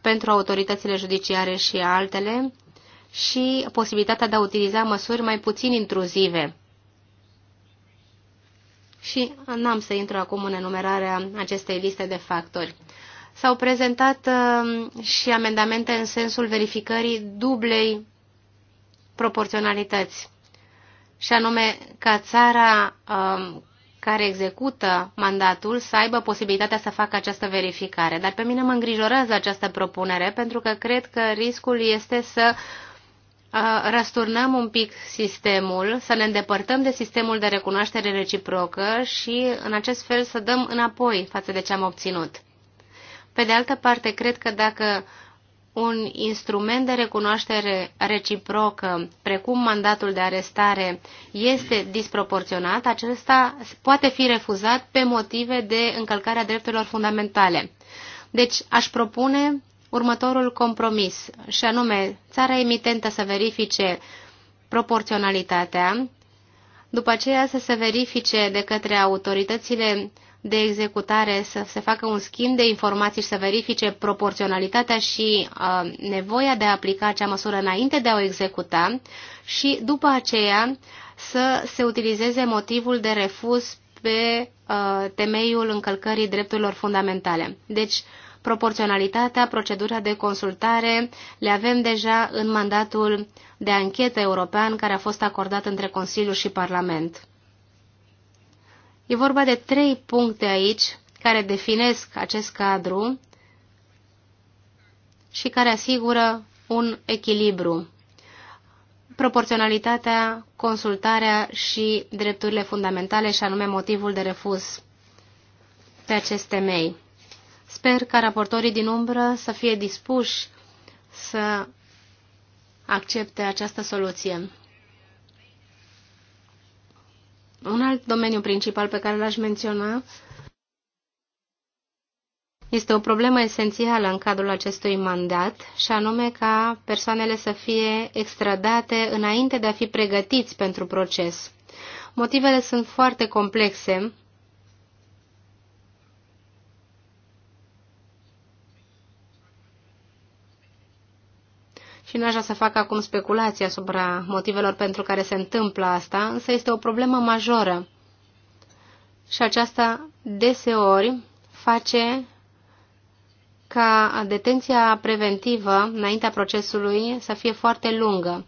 pentru autoritățile judiciare și altele și posibilitatea de a utiliza măsuri mai puțin intruzive. Și n-am să intru acum în enumerarea acestei liste de factori. S-au prezentat um, și amendamente în sensul verificării dublei proporționalități și anume ca țara um, care execută mandatul să aibă posibilitatea să facă această verificare. Dar pe mine mă îngrijorează această propunere pentru că cred că riscul este să uh, răsturnăm un pic sistemul, să ne îndepărtăm de sistemul de recunoaștere reciprocă și în acest fel să dăm înapoi față de ce am obținut. Pe de altă parte, cred că dacă uh, un instrument de recunoaștere reciprocă, precum mandatul de arestare, este disproporționat, acesta poate fi refuzat pe motive de încălcarea drepturilor fundamentale. Deci aș propune următorul compromis, și anume țara emitentă să verifice proporționalitatea, după aceea să se verifice de către autoritățile de executare să se facă un schimb de informații și să verifice proporționalitatea și uh, nevoia de a aplica acea măsură înainte de a o executa și după aceea să se utilizeze motivul de refuz pe uh, temeiul încălcării drepturilor fundamentale. Deci, proporționalitatea, procedura de consultare le avem deja în mandatul de anchetă european care a fost acordat între Consiliu și Parlament. E vorba de trei puncte aici care definesc acest cadru și care asigură un echilibru. Proporționalitatea, consultarea și drepturile fundamentale și anume motivul de refuz pe acest temei. Sper ca raportorii din umbră să fie dispuși să accepte această soluție. Un alt domeniu principal pe care l-aș menționa este o problemă esențială în cadrul acestui mandat, și anume ca persoanele să fie extradate înainte de a fi pregătiți pentru proces. Motivele sunt foarte complexe și nu aș vrea să fac acum speculații asupra motivelor pentru care se întâmplă asta, însă este o problemă majoră. Și aceasta deseori face ca detenția preventivă înaintea procesului să fie foarte lungă.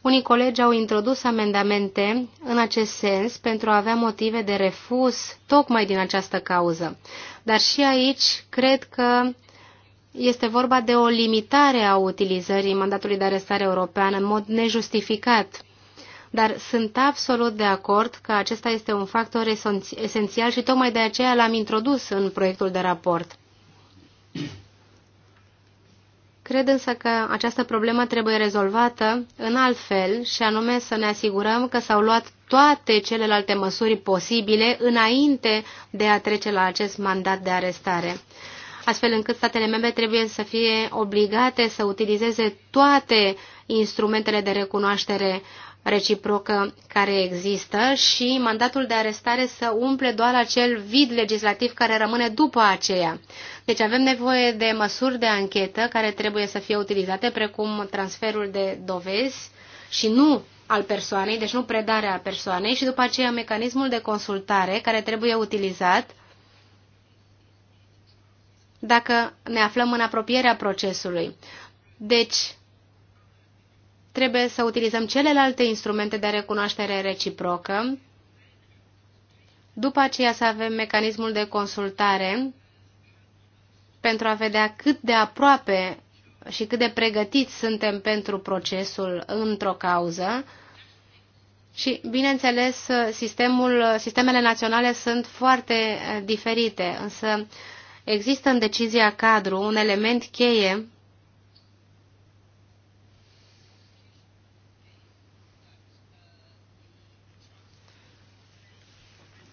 Unii colegi au introdus amendamente în acest sens pentru a avea motive de refuz tocmai din această cauză. Dar și aici cred că este vorba de o limitare a utilizării mandatului de arestare european în mod nejustificat. Dar sunt absolut de acord că acesta este un factor esențial și tocmai de aceea l-am introdus în proiectul de raport. Cred însă că această problemă trebuie rezolvată în alt fel și anume să ne asigurăm că s-au luat toate celelalte măsuri posibile înainte de a trece la acest mandat de arestare astfel încât statele membre trebuie să fie obligate să utilizeze toate instrumentele de recunoaștere reciprocă care există și mandatul de arestare să umple doar acel vid legislativ care rămâne după aceea. Deci avem nevoie de măsuri de anchetă care trebuie să fie utilizate, precum transferul de dovezi și nu al persoanei, deci nu predarea persoanei și după aceea mecanismul de consultare care trebuie utilizat dacă ne aflăm în apropierea procesului. Deci, trebuie să utilizăm celelalte instrumente de recunoaștere reciprocă, după aceea să avem mecanismul de consultare pentru a vedea cât de aproape și cât de pregătiți suntem pentru procesul într-o cauză. Și, bineînțeles, sistemul, sistemele naționale sunt foarte eh, diferite, însă Există în decizia cadru un element cheie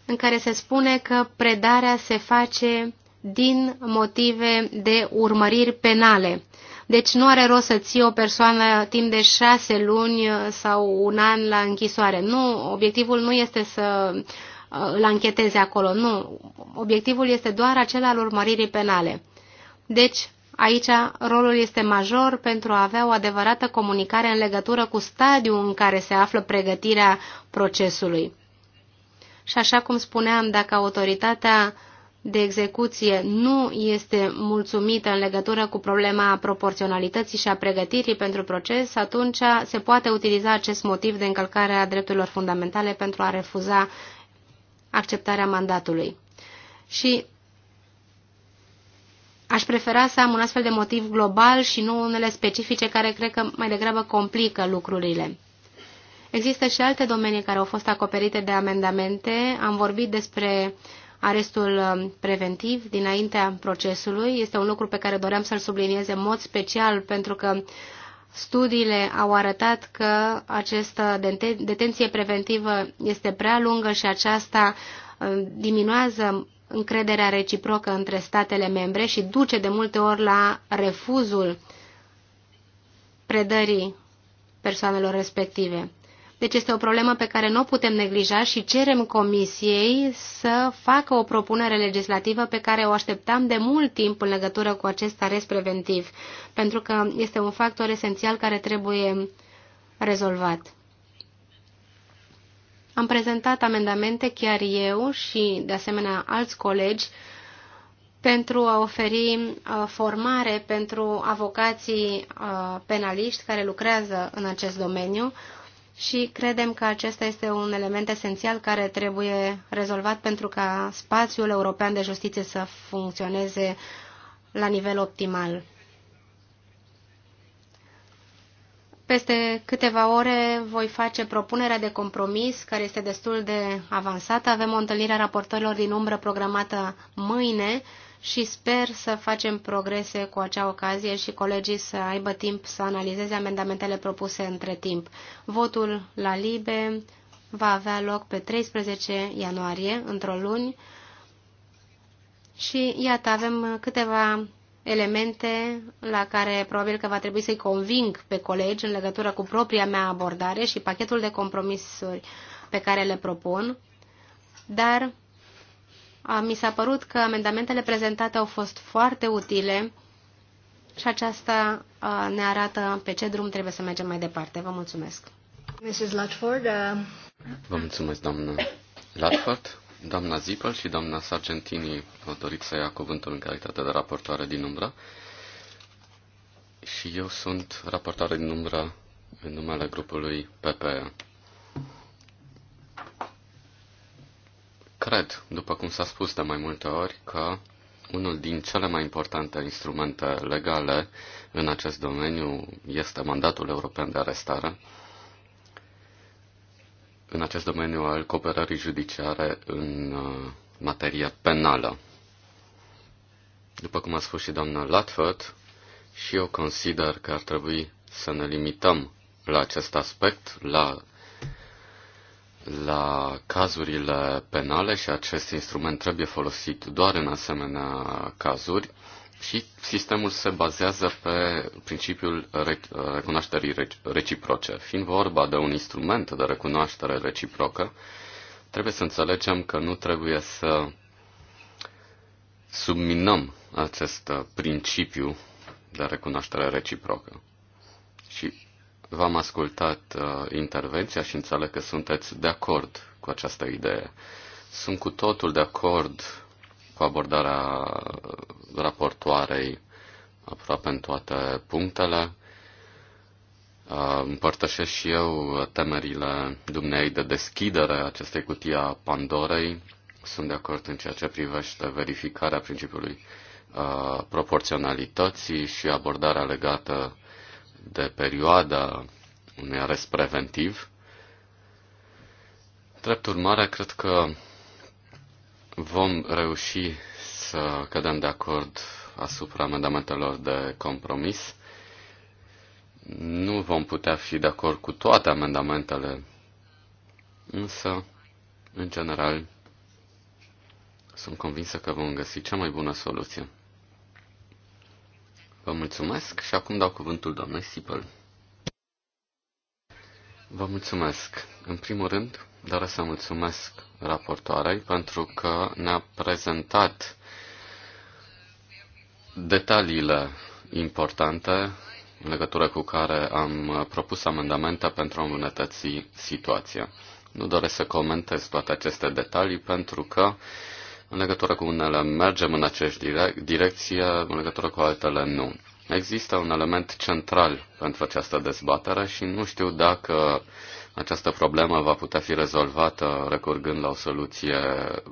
în care se spune că predarea se face din motive de urmăriri penale. Deci nu are rost să ții o persoană timp de șase luni sau un an la închisoare. Nu, obiectivul nu este să Uh, îl ancheteze acolo. Nu, obiectivul este doar acela al urmăririi penale. Deci, aici rolul este major pentru a avea o adevărată comunicare în legătură cu stadiul în care se află pregătirea procesului. Și așa cum spuneam, dacă autoritatea de execuție nu este mulțumită în legătură cu problema proporționalității și a pregătirii pentru proces, atunci se poate utiliza acest motiv de încălcare a drepturilor fundamentale pentru a refuza acceptarea mandatului. Și aș prefera să am un astfel de motiv global și nu unele specifice care cred că mai degrabă complică lucrurile. Există și alte domenii care au fost acoperite de amendamente. Am vorbit despre arestul um, preventiv dinaintea procesului. Este un lucru pe care doream să-l subliniez în mod special pentru că Studiile au arătat că această detenție preventivă este prea lungă și aceasta uh, diminuează încrederea reciprocă între statele membre și duce de multe ori la refuzul predării persoanelor respective. Deci este o problemă pe care nu o putem neglija și cerem Comisiei să facă o propunere legislativă pe care o așteptam de mult timp în legătură cu acest arest preventiv, pentru că este un factor esențial care trebuie rezolvat. Am prezentat amendamente chiar eu și, de asemenea, alți colegi pentru a oferi uh, formare pentru avocații uh, penaliști care lucrează în acest domeniu, și credem că acesta este un element esențial care trebuie rezolvat pentru ca spațiul european de justiție să funcționeze la nivel optimal. Peste câteva ore voi face propunerea de compromis, care este destul de avansată. Avem o întâlnire a raportorilor din umbră programată mâine și sper să facem progrese cu acea ocazie și colegii să aibă timp să analizeze amendamentele propuse între timp. Votul la LIBE va avea loc pe 13 ianuarie, într-o luni, și iată, avem câteva elemente la care probabil că va trebui să-i conving pe colegi în legătură cu propria mea abordare și pachetul de compromisuri pe care le propun, dar mi s-a părut că amendamentele prezentate au fost foarte utile și aceasta ne arată pe ce drum trebuie să mergem mai departe. Vă mulțumesc. Mrs. Latford, uh... Vă mulțumesc, doamnă Latford. Doamna Zipel și doamna Sargentini au dorit să ia cuvântul în calitate de raportoare din umbra. Și eu sunt raportoare din umbra în numele grupului PPE. Cred, după cum s-a spus de mai multe ori, că unul din cele mai importante instrumente legale în acest domeniu este mandatul european de arestare. În acest domeniu al cooperării judiciare în uh, materie penală. După cum a spus și doamna Latford, și eu consider că ar trebui să ne limităm la acest aspect, la la cazurile penale și acest instrument trebuie folosit doar în asemenea cazuri și sistemul se bazează pe principiul recunoașterii reciproce. Fiind vorba de un instrument de recunoaștere reciprocă, trebuie să înțelegem că nu trebuie să subminăm acest principiu de recunoaștere reciprocă. Și V-am ascultat uh, intervenția și înțeleg că sunteți de acord cu această idee. Sunt cu totul de acord cu abordarea uh, raportoarei aproape în toate punctele. Uh, împărtășesc și eu temerile dumnei de deschidere acestei cutii a Pandorei. Sunt de acord în ceea ce privește verificarea principiului uh, proporționalității și abordarea legată de perioada unui arest preventiv. Drept urmare, cred că vom reuși să cădem de acord asupra amendamentelor de compromis. Nu vom putea fi de acord cu toate amendamentele, însă, în general, sunt convinsă că vom găsi cea mai bună soluție. Vă mulțumesc și acum dau cuvântul doamnei Sipăl. Vă mulțumesc. În primul rând, doresc să mulțumesc raportoarei pentru că ne-a prezentat detaliile importante în legătură cu care am propus amendamente pentru a îmbunătăți situația. Nu doresc să comentez toate aceste detalii pentru că în legătură cu unele mergem în aceeași direcție, în legătură cu altele nu. Există un element central pentru această dezbatere și nu știu dacă această problemă va putea fi rezolvată recurgând la o soluție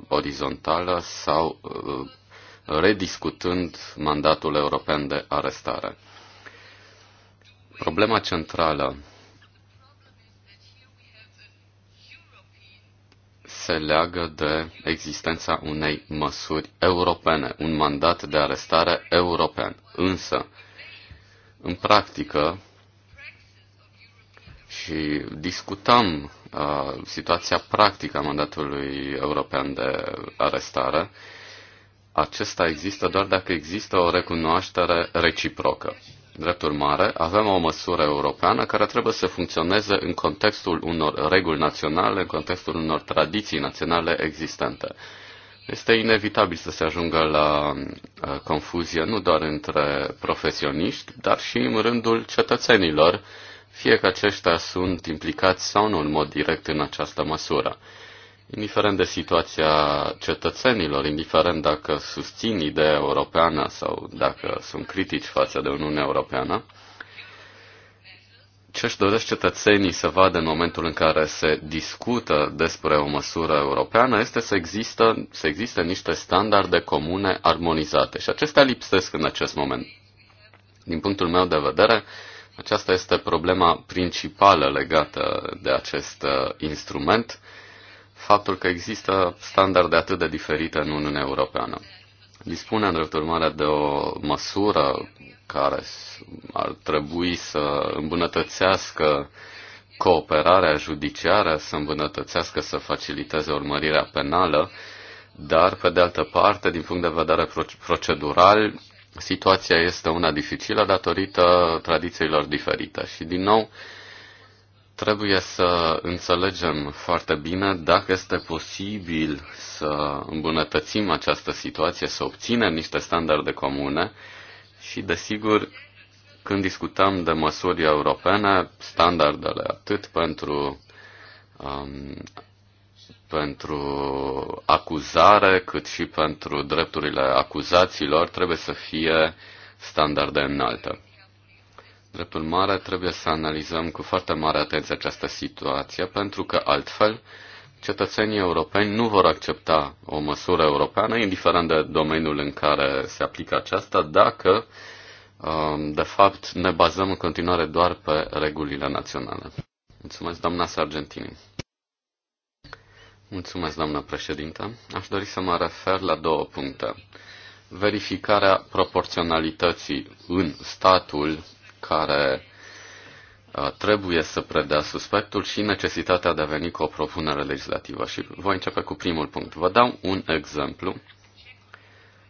orizontală sau uh, rediscutând mandatul european de arestare. Problema centrală se leagă de existența unei măsuri europene, un mandat de arestare european. Însă, în practică, și discutam uh, situația practică a mandatului european de arestare, acesta există doar dacă există o recunoaștere reciprocă. Drept urmare, avem o măsură europeană care trebuie să funcționeze în contextul unor reguli naționale, în contextul unor tradiții naționale existente. Este inevitabil să se ajungă la uh, confuzie nu doar între profesioniști, dar și în rândul cetățenilor, fie că aceștia sunt implicați sau nu în mod direct în această măsură indiferent de situația cetățenilor, indiferent dacă susțin ideea europeană sau dacă sunt critici față de Uniunea Europeană, ce își doresc cetățenii să vadă în momentul în care se discută despre o măsură europeană este să există, să există niște standarde comune armonizate și acestea lipsesc în acest moment. Din punctul meu de vedere, aceasta este problema principală legată de acest uh, instrument faptul că există standarde atât de diferite în Uniunea Europeană. dispune în drept urmare, de o măsură care ar trebui să îmbunătățească cooperarea judiciară, să îmbunătățească, să faciliteze urmărirea penală, dar, pe de altă parte, din punct de vedere procedural, situația este una dificilă datorită tradițiilor diferite. Și, din nou, Trebuie să înțelegem foarte bine dacă este posibil să îmbunătățim această situație, să obținem niște standarde comune și, desigur, când discutăm de măsuri europene, standardele atât pentru, um, pentru acuzare, cât și pentru drepturile acuzaților trebuie să fie standarde înalte. Drept urmare, trebuie să analizăm cu foarte mare atenție această situație, pentru că altfel cetățenii europeni nu vor accepta o măsură europeană, indiferent de domeniul în care se aplică aceasta, dacă um, de fapt ne bazăm în continuare doar pe regulile naționale. Mulțumesc, doamna Sargentini. Mulțumesc, doamna președintă. Aș dori să mă refer la două puncte. Verificarea proporționalității în statul care uh, trebuie să predea suspectul și necesitatea de a veni cu o propunere legislativă. Și voi începe cu primul punct. Vă dau un exemplu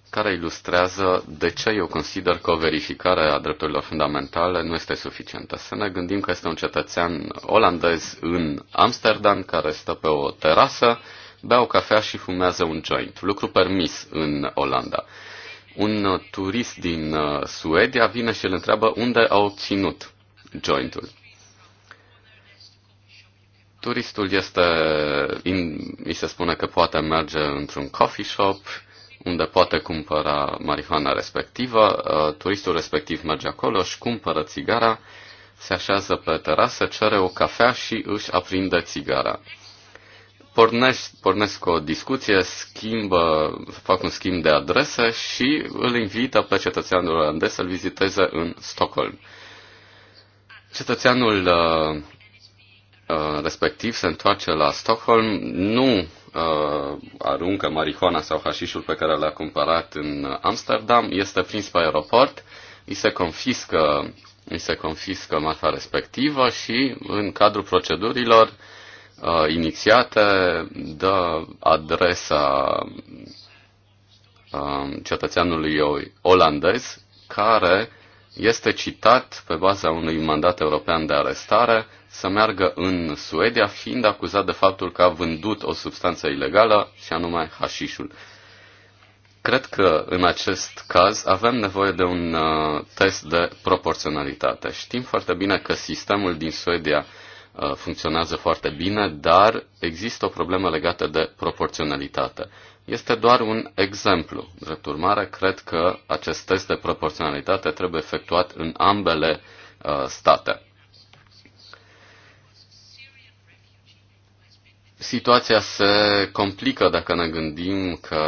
care ilustrează de ce eu consider că o verificare a drepturilor fundamentale nu este suficientă. Să ne gândim că este un cetățean olandez în Amsterdam care stă pe o terasă, bea o cafea și fumează un joint, lucru permis în Olanda un uh, turist din uh, Suedia vine și îl întreabă unde a obținut jointul. Turistul este, îi se spune că poate merge într-un coffee shop unde poate cumpăra marihuana respectivă. Uh, turistul respectiv merge acolo, își cumpără țigara, se așează pe terasă, cere o cafea și își aprinde țigara pornesc, pornesc o discuție, schimbă, fac un schimb de adresă și îl invită pe cetățeanul olandez să-l viziteze în Stockholm. Cetățeanul uh, uh, respectiv se întoarce la Stockholm, nu uh, aruncă marihuana sau hașișul pe care l-a cumpărat în Amsterdam, este prins pe aeroport, îi se confiscă, îi se confiscă marfa respectivă și în cadrul procedurilor uh, inițiate dă adresa uh, cetățeanului olandez care este citat pe baza unui mandat european de arestare să meargă în Suedia, fiind acuzat de faptul că a vândut o substanță ilegală, și anume hașișul. Cred că în acest caz avem nevoie de un uh, test de proporționalitate. Știm foarte bine că sistemul din Suedia Uh, funcționează foarte bine, dar există o problemă legată de proporționalitate. Este doar un exemplu. Drept urmare, cred că acest test de proporționalitate trebuie efectuat în ambele uh, state. Situația se complică dacă ne gândim că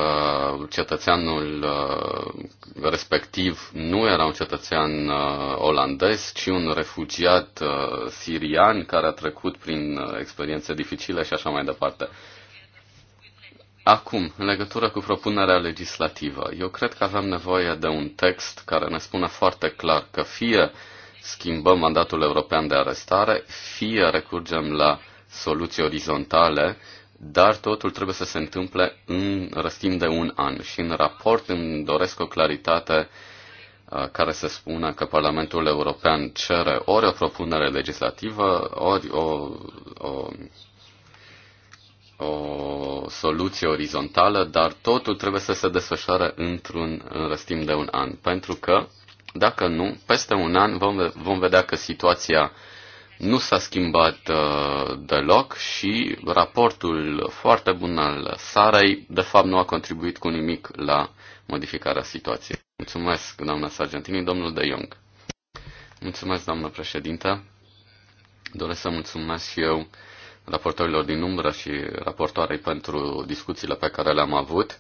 cetățeanul uh, respectiv nu era un cetățean uh, olandez, ci un refugiat uh, sirian care a trecut prin experiențe dificile și așa mai departe. Acum, în legătură cu propunerea legislativă, eu cred că avem nevoie de un text care ne spune foarte clar că fie schimbăm mandatul european de arestare, fie recurgem la soluții orizontale, dar totul trebuie să se întâmple în răstim de un an. Și în raport îmi doresc o claritate uh, care se spune că Parlamentul European cere ori o propunere legislativă, ori o, o, o soluție orizontală, dar totul trebuie să se desfășoare într-un în răstim de un an. Pentru că, dacă nu, peste un an vom, vom vedea că situația nu s-a schimbat uh, deloc și raportul foarte bun al Sarei, de fapt, nu a contribuit cu nimic la modificarea situației. Mulțumesc, doamna Sargentini, domnul De Jong. Mulțumesc, doamnă președintă. Doresc să mulțumesc și eu raportorilor din umbră și raportoarei pentru discuțiile pe care le-am avut.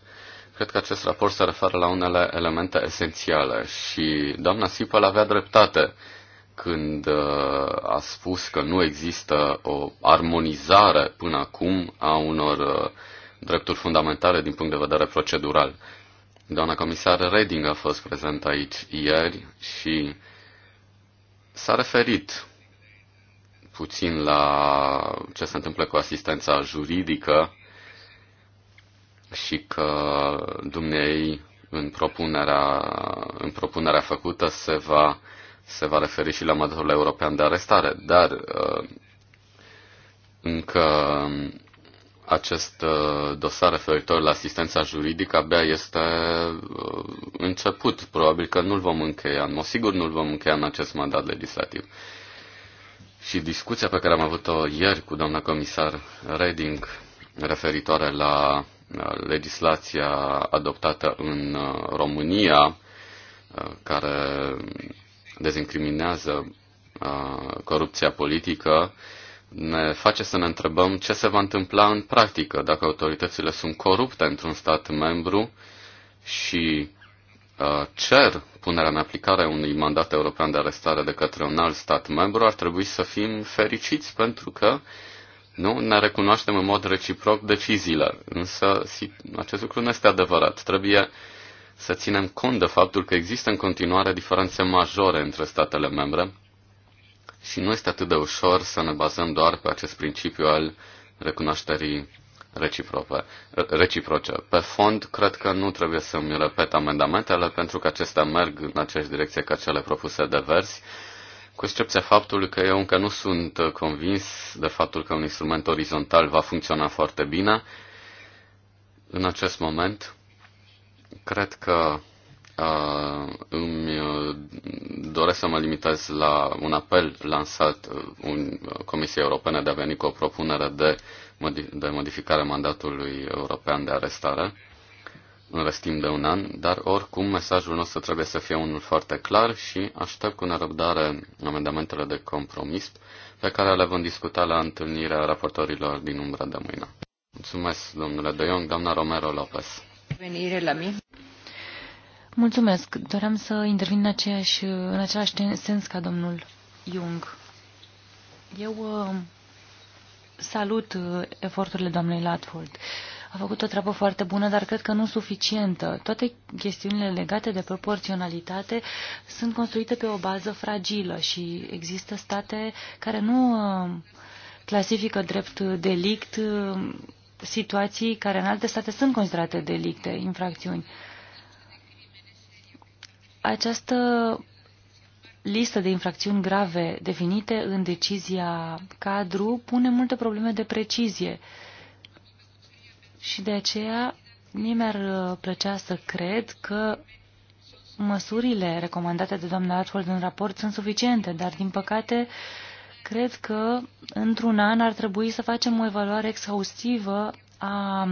Cred că acest raport se referă la unele elemente esențiale și doamna Sipăl avea dreptate când uh, a spus că nu există o armonizare până acum a unor uh, drepturi fundamentale din punct de vedere procedural. Doamna comisar Reding a fost prezentă aici ieri și s-a referit puțin la ce se întâmplă cu asistența juridică și că dumnei în propunerea, în propunerea făcută se va se va referi și la mandatul european de arestare, dar uh, încă um, acest uh, dosar referitor la asistența juridică abia este uh, început. Probabil că nu-l vom încheia, în mod sigur nu-l vom încheia în acest mandat legislativ. Și discuția pe care am avut-o ieri cu doamna comisar Reding referitoare la legislația adoptată în România, care dezincriminează uh, corupția politică, ne face să ne întrebăm ce se va întâmpla în practică dacă autoritățile sunt corupte într-un stat membru și uh, cer punerea în aplicare unui mandat european de arestare de către un alt stat membru, ar trebui să fim fericiți pentru că nu ne recunoaștem în mod reciproc deciziile. Însă acest lucru nu este adevărat. Trebuie uh, să ținem cont de faptul că există în continuare diferențe majore între statele membre și nu este atât de ușor să ne bazăm doar pe acest principiu al recunoașterii reciproce. reciproce. Pe fond, cred că nu trebuie să îmi repet amendamentele pentru că acestea merg în aceeași direcție ca cele propuse de versi, cu excepția faptului că eu încă nu sunt convins de faptul că un instrument orizontal va funcționa foarte bine. În acest moment, Cred că uh, îmi doresc să mă limitez la un apel lansat un, Comisiei Europene de a veni cu o propunere de, de modificare mandatului european de arestare în timp de un an, dar oricum mesajul nostru trebuie să fie unul foarte clar și aștept cu nerăbdare amendamentele de compromis pe care le vom discuta la întâlnirea raportorilor din umbra de mâine. Mulțumesc, domnule De Jong, doamna Romero Lopez la mine. Mulțumesc. Doream să intervin în, aceeași, în același sens ca domnul Jung. Eu uh, salut uh, eforturile doamnei Latford. A făcut o treabă foarte bună, dar cred că nu suficientă. Toate chestiunile legate de proporționalitate sunt construite pe o bază fragilă și există state care nu uh, clasifică drept delict uh, situații care în alte state sunt considerate delicte, infracțiuni. Această listă de infracțiuni grave definite în decizia cadru pune multe probleme de precizie și de aceea mie mi-ar uh, plăcea să cred că măsurile recomandate de doamna Atwood în raport sunt suficiente, dar din păcate uh, Cred că într-un an ar trebui să facem o evaluare exhaustivă a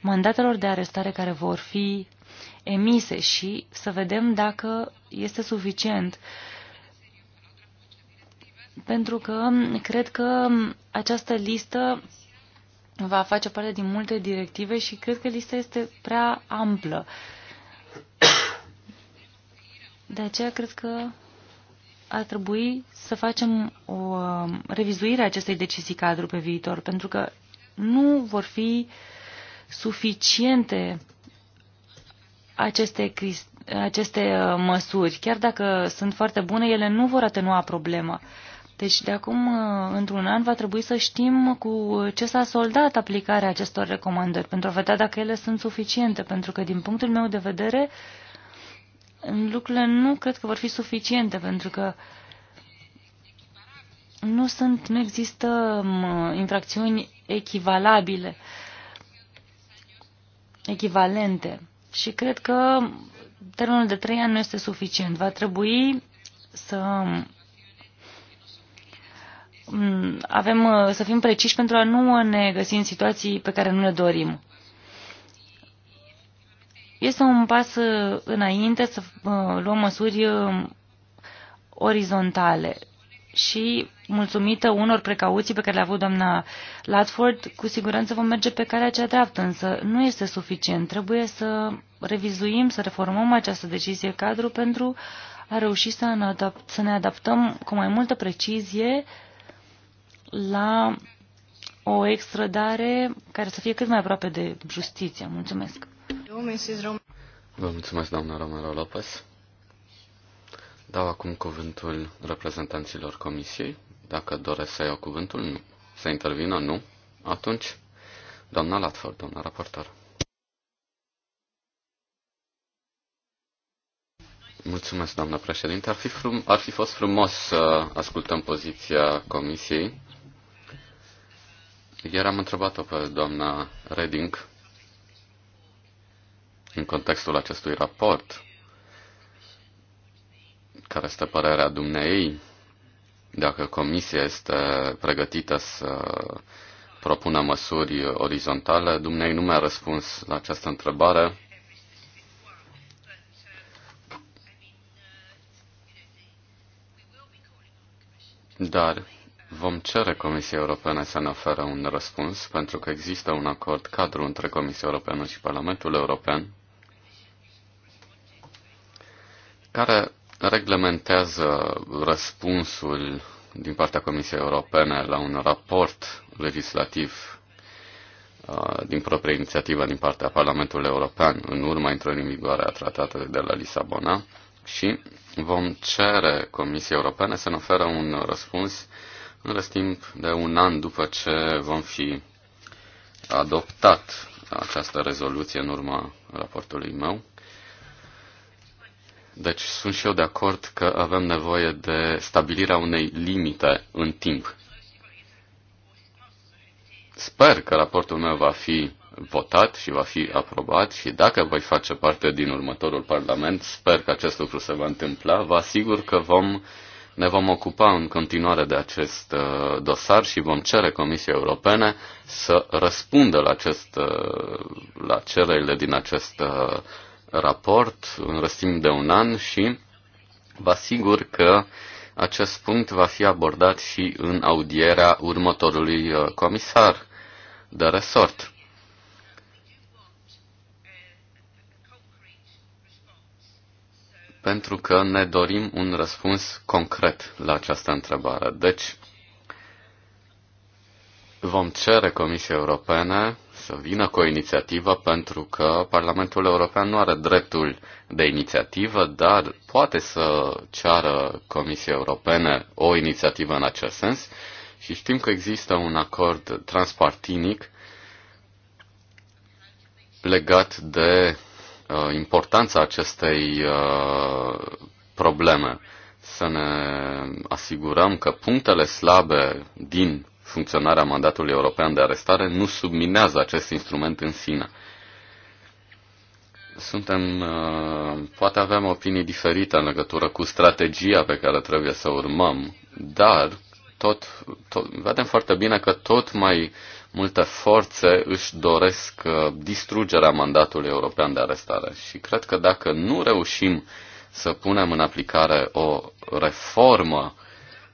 mandatelor de arestare care vor fi emise și să vedem dacă este suficient. Pentru că cred că această listă va face parte din multe directive și cred că lista este prea amplă. De aceea cred că ar trebui să facem o um, revizuire a acestei decizii cadru pe viitor, pentru că nu vor fi suficiente aceste, aceste uh, măsuri. Chiar dacă sunt foarte bune, ele nu vor atenua problema. Deci de acum, uh, într-un an, va trebui să știm cu ce s-a soldat aplicarea acestor recomandări, pentru a vedea dacă ele sunt suficiente, pentru că, din punctul meu de vedere, lucrurile nu cred că vor fi suficiente, pentru că nu sunt, nu există infracțiuni echivalabile, echivalente. Și cred că termenul de trei ani nu este suficient. Va trebui să avem, să fim preciși pentru a nu ne găsi în situații pe care nu le dorim. Este un pas uh, înainte să uh, luăm măsuri uh, orizontale și mulțumită unor precauții pe care le-a avut doamna Latford, cu siguranță vom merge pe calea cea dreaptă, însă nu este suficient. Trebuie să revizuim, să reformăm această decizie cadru pentru a reuși să, să ne adaptăm cu mai multă precizie la o extradare care să fie cât mai aproape de justiție. Mulțumesc! Vă mulțumesc, doamna Romero Lopez. Dau acum cuvântul reprezentanților comisiei. Dacă doresc să iau cuvântul, nu. Să intervină, nu. Atunci, doamna Latford, doamna raportor. Mulțumesc, doamna președinte. Ar fi, frum, ar fi fost frumos să ascultăm poziția comisiei. Ieri am întrebat-o pe doamna Reding în contextul acestui raport, care este părerea dumneei, dacă comisia este pregătită să propună măsuri orizontale, dumnei nu mi-a răspuns la această întrebare. Dar vom cere Comisiei Europene să ne oferă un răspuns, pentru că există un acord cadru între Comisia Europeană și Parlamentul European care reglementează răspunsul din partea Comisiei Europene la un raport legislativ uh, din proprie inițiativă din partea Parlamentului European în urma intrării în vigoare a tratatului de la Lisabona și vom cere Comisiei Europene să ne oferă un răspuns în răstimp de un an după ce vom fi adoptat această rezoluție în urma raportului meu. Deci sunt și eu de acord că avem nevoie de stabilirea unei limite în timp. Sper că raportul meu va fi votat și va fi aprobat și dacă voi face parte din următorul Parlament, sper că acest lucru se va întâmpla, vă asigur că vom, ne vom ocupa în continuare de acest uh, dosar și vom cere Comisiei Europene să răspundă la, acest, uh, la cererile din acest uh, raport în răstim de un an și vă asigur că acest punct va fi abordat și în audierea următorului uh, comisar de resort. Pentru că ne dorim un răspuns concret la această întrebare. Deci, vom cere Comisiei Europene să vină cu o inițiativă pentru că Parlamentul European nu are dreptul de inițiativă, dar poate să ceară Comisiei Europene o inițiativă în acest sens și știm că există un acord transpartinic legat de uh, importanța acestei uh, probleme. Să ne asigurăm că punctele slabe din funcționarea mandatului european de arestare nu subminează acest instrument în sine. Suntem, uh, poate avem opinii diferite în legătură cu strategia pe care trebuie să urmăm, dar tot, tot, vedem foarte bine că tot mai multe forțe își doresc uh, distrugerea mandatului european de arestare. Și cred că dacă nu reușim să punem în aplicare o reformă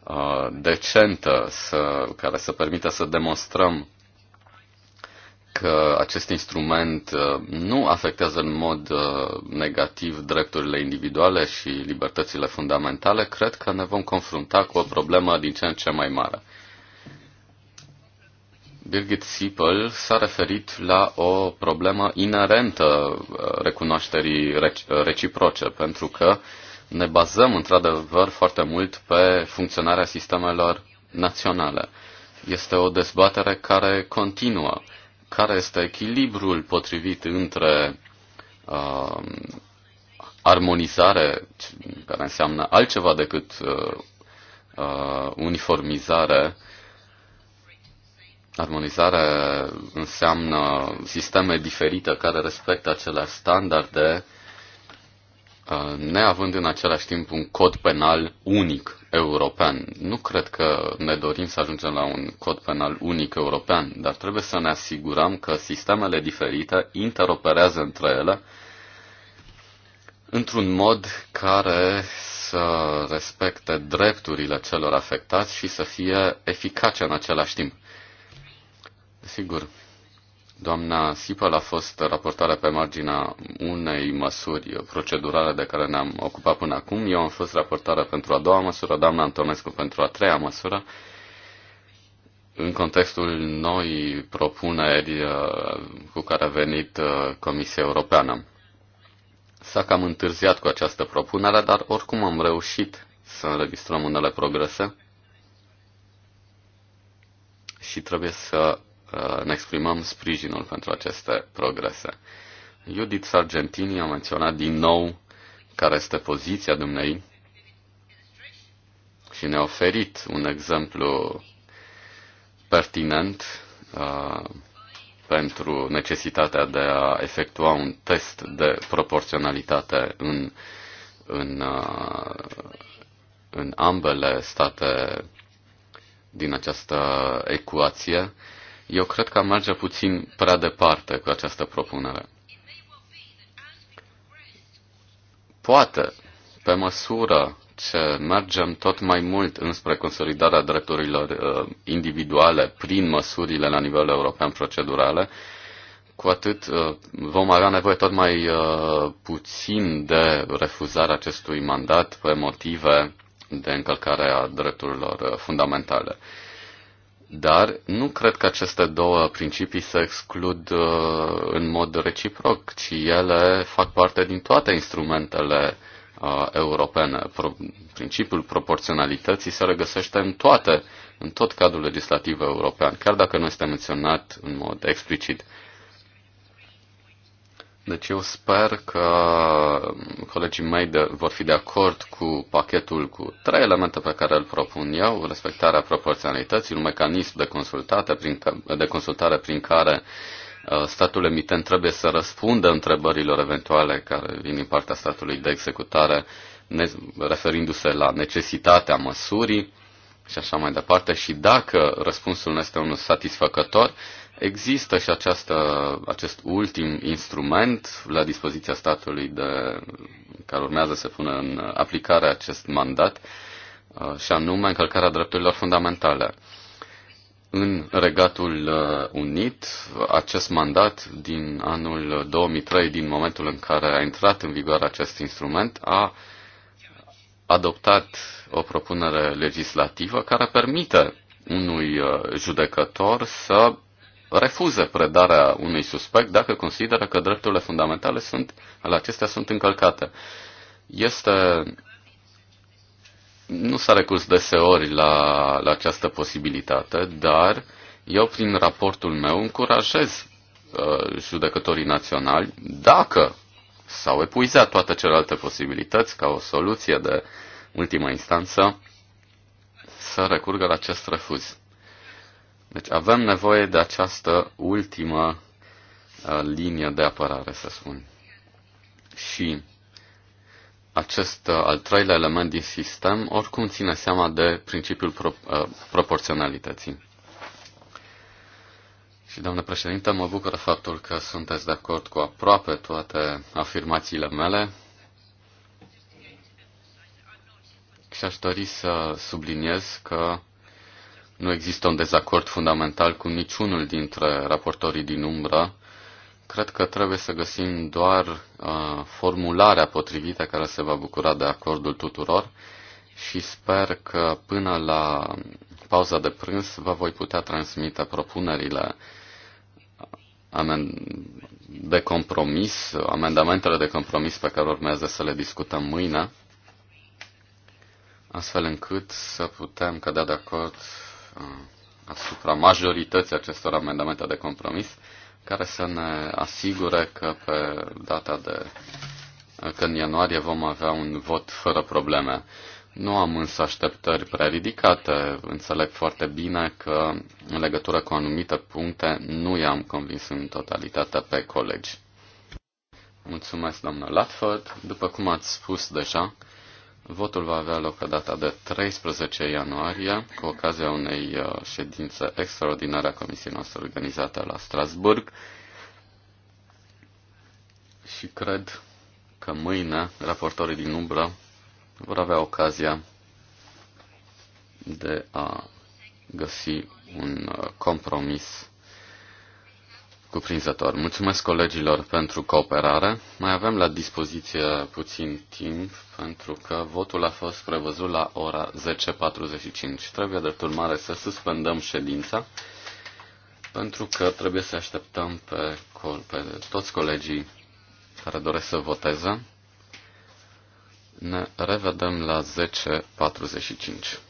Uh, decentă să, care să permită să demonstrăm că acest instrument uh, nu afectează în mod uh, negativ drepturile individuale și libertățile fundamentale, cred că ne vom confrunta cu o problemă din ce în ce mai mare. Birgit Siepel s-a referit la o problemă inerentă recunoașterii reciproce, pentru că uh, ne bazăm într-adevăr foarte mult pe funcționarea sistemelor naționale. Este o dezbatere care continuă. Care este echilibrul potrivit între uh, armonizare, care înseamnă altceva decât uh, uh, uniformizare, Armonizare înseamnă sisteme diferite care respectă aceleași standarde uh, Uh, neavând în același timp un cod penal unic european. Nu cred că ne dorim să ajungem la un cod penal unic european, dar trebuie să ne asigurăm că sistemele diferite interoperează între ele într-un mod care să respecte drepturile celor afectați și să fie eficace în același timp. Sigur, Doamna Sipal a fost raportarea pe marginea unei măsuri procedurale de care ne-am ocupat până acum. Eu am fost raportarea pentru a doua măsură, doamna Antonescu pentru a treia măsură. În contextul noi propuneri uh, cu care a venit uh, Comisia Europeană. S-a cam întârziat cu această propunere, dar oricum am reușit să înregistrăm unele progrese și trebuie să Uh, ne exprimăm sprijinul pentru aceste progrese. Judith Sargentini a menționat din nou care este poziția dumnei și ne-a oferit un exemplu pertinent uh, pentru necesitatea de a efectua un test de proporționalitate în, în, uh, în ambele state din această ecuație. Uh, eu cred că merge puțin prea departe cu această propunere. Poate, pe măsură ce mergem tot mai mult înspre consolidarea drepturilor uh, individuale prin măsurile la nivel european procedurale, cu atât uh, vom avea nevoie tot mai uh, puțin de refuzarea acestui mandat pe motive de încălcare a drepturilor uh, fundamentale. Uh, dar nu cred că aceste două principii se exclud uh, în mod reciproc, ci ele fac parte din toate instrumentele uh, europene. principiul proporționalității se regăsește în toate, în tot cadrul legislativ european, chiar dacă nu este menționat în mod explicit. Deci eu sper că colegii mei de, vor fi de acord cu pachetul cu trei elemente pe care îl propun eu, respectarea proporționalității, un mecanism de consultare prin, de consultare prin care uh, statul emitent trebuie să răspundă întrebărilor eventuale care vin din partea statului de executare, referindu-se la necesitatea măsurii și așa mai departe. Și dacă răspunsul nu este unul satisfăcător, Există și această, acest ultim instrument la dispoziția statului de, care urmează să pună în aplicare acest mandat, uh, și anume încălcarea drepturilor fundamentale. În Regatul uh, Unit, acest mandat din anul 2003, din momentul în care a intrat în vigoare acest instrument, a adoptat o propunere legislativă care permite unui uh, judecător să refuză predarea unui suspect dacă consideră că drepturile fundamentale sunt, ale acestea sunt încălcate. Este nu s-a recurs deseori la, la această posibilitate, dar eu prin raportul meu încurajez uh, judecătorii naționali, dacă s-au epuizat toate celelalte posibilități ca o soluție de ultimă instanță, să recurgă la acest refuz. Deci avem nevoie de această ultimă uh, linie de apărare, să spun. Și acest uh, al treilea element din sistem oricum ține seama de principiul pro, uh, proporționalității. Și, doamnă președinte, mă bucură faptul că sunteți de acord cu aproape toate afirmațiile mele și aș dori să subliniez că nu există un dezacord fundamental cu niciunul dintre raportorii din umbră. Cred că trebuie să găsim doar uh, formularea potrivită care se va bucura de acordul tuturor și sper că până la pauza de prânz vă voi putea transmite propunerile uh, de compromis, amendamentele de compromis pe care urmează să le discutăm mâine, astfel încât să putem cădea de acord Uh, asupra majorității acestor amendamente de compromis care să ne asigure că pe data de uh, că în ianuarie vom avea un vot fără probleme. Nu am însă așteptări prea ridicate. Înțeleg foarte bine că în legătură cu anumite puncte nu i-am convins în totalitate pe colegi. Mulțumesc, doamnă Latford. După cum ați spus deja, Votul va avea loc data de 13 ianuarie, cu ocazia unei uh, ședințe extraordinare a comisiei noastre organizate la Strasburg. Și cred că mâine raportorii din umbră vor avea ocazia de a găsi un uh, compromis cuprinzător. Mulțumesc colegilor pentru cooperare. Mai avem la dispoziție puțin timp pentru că votul a fost prevăzut la ora 10.45. Trebuie drept urmare să suspendăm ședința pentru că trebuie să așteptăm pe, pe toți colegii care doresc să voteze. Ne revedem la 10.45.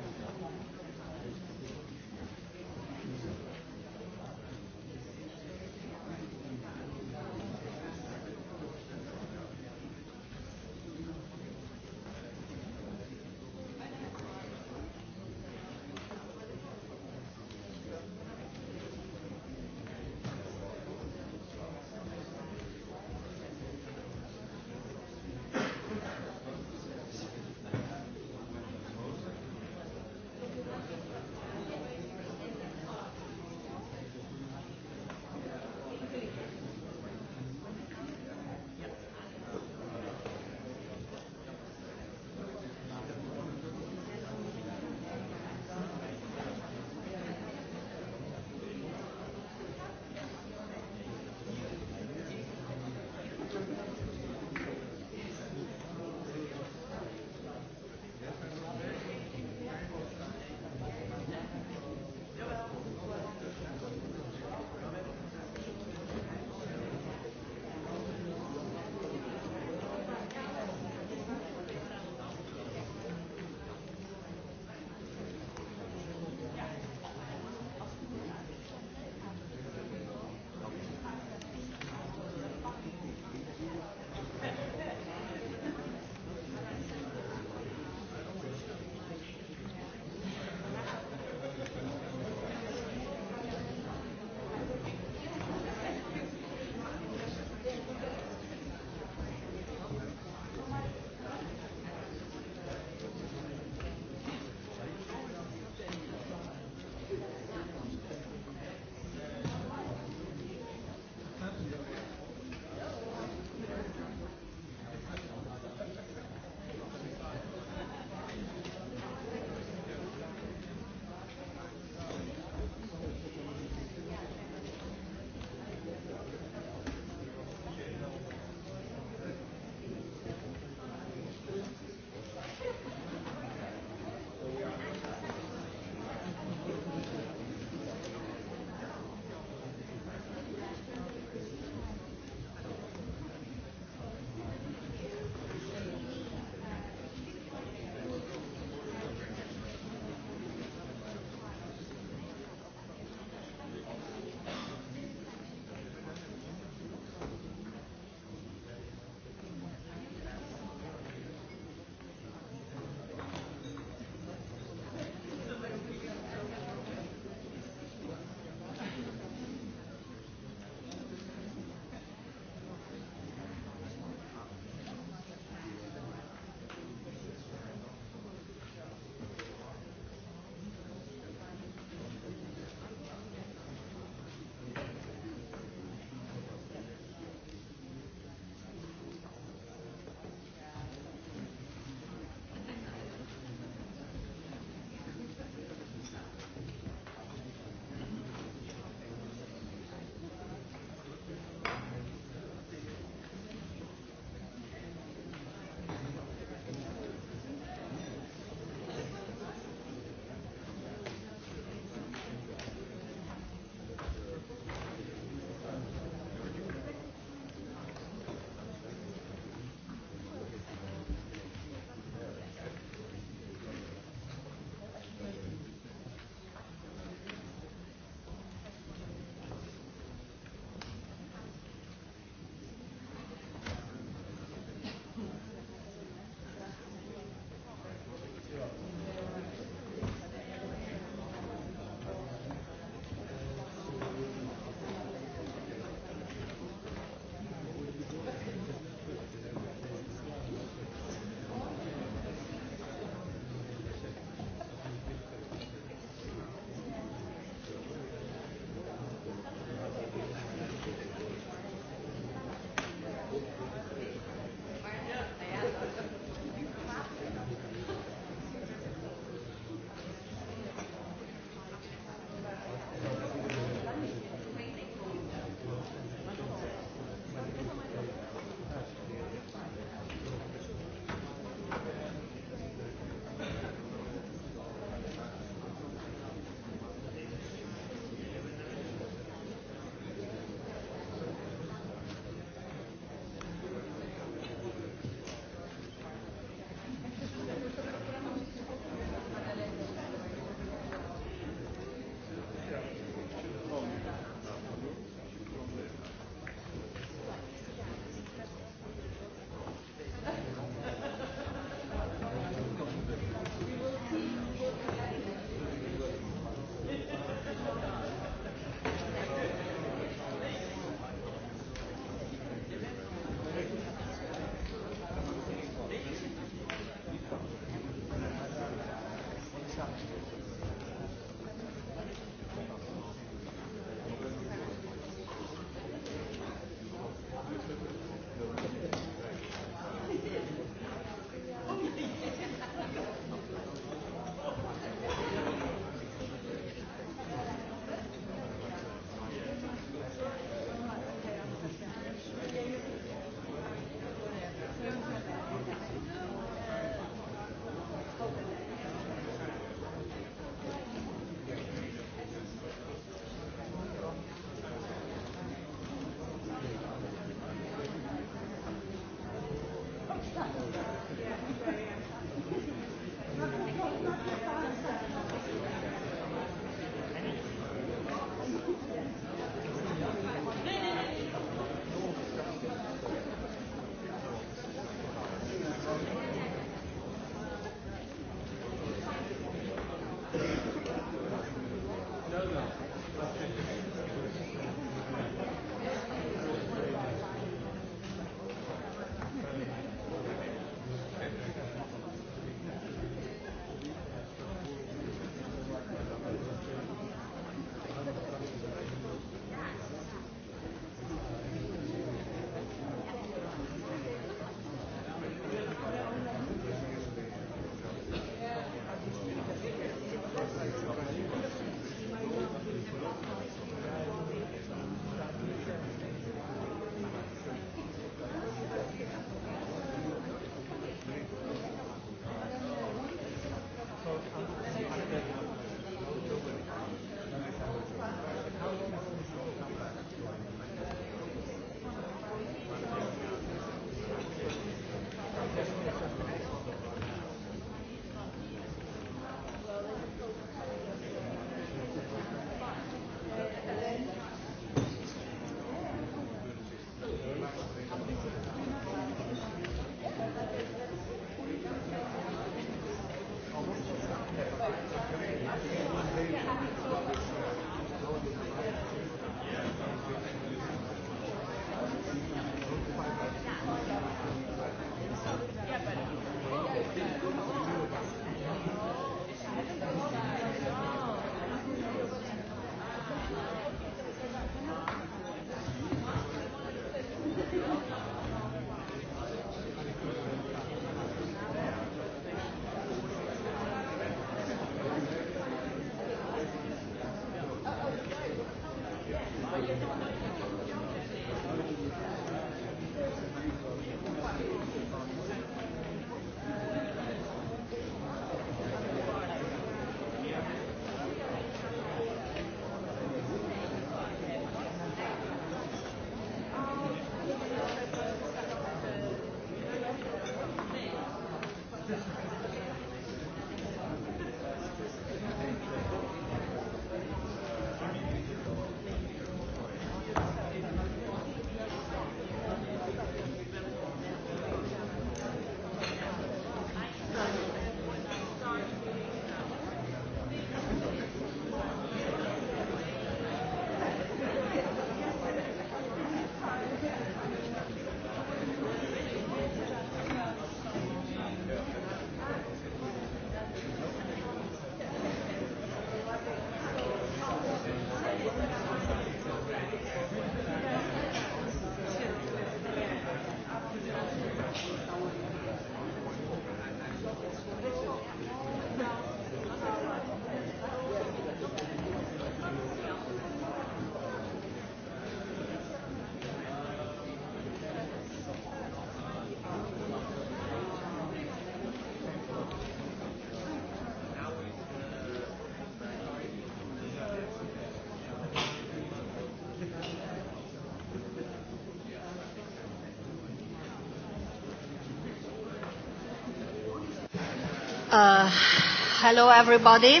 Hello everybody.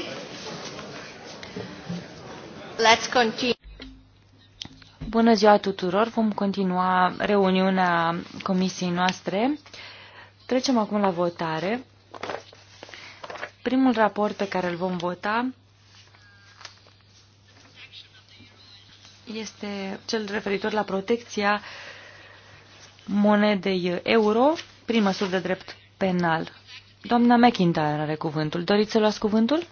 Let's continue. Bună ziua tuturor. Vom continua reuniunea comisiei noastre. Trecem acum la votare. Primul raport pe care îl vom vota este cel referitor la protecția monedei euro prin măsuri de drept penal. Doamna McIntyre are cuvântul. Doriți să luați cuvântul?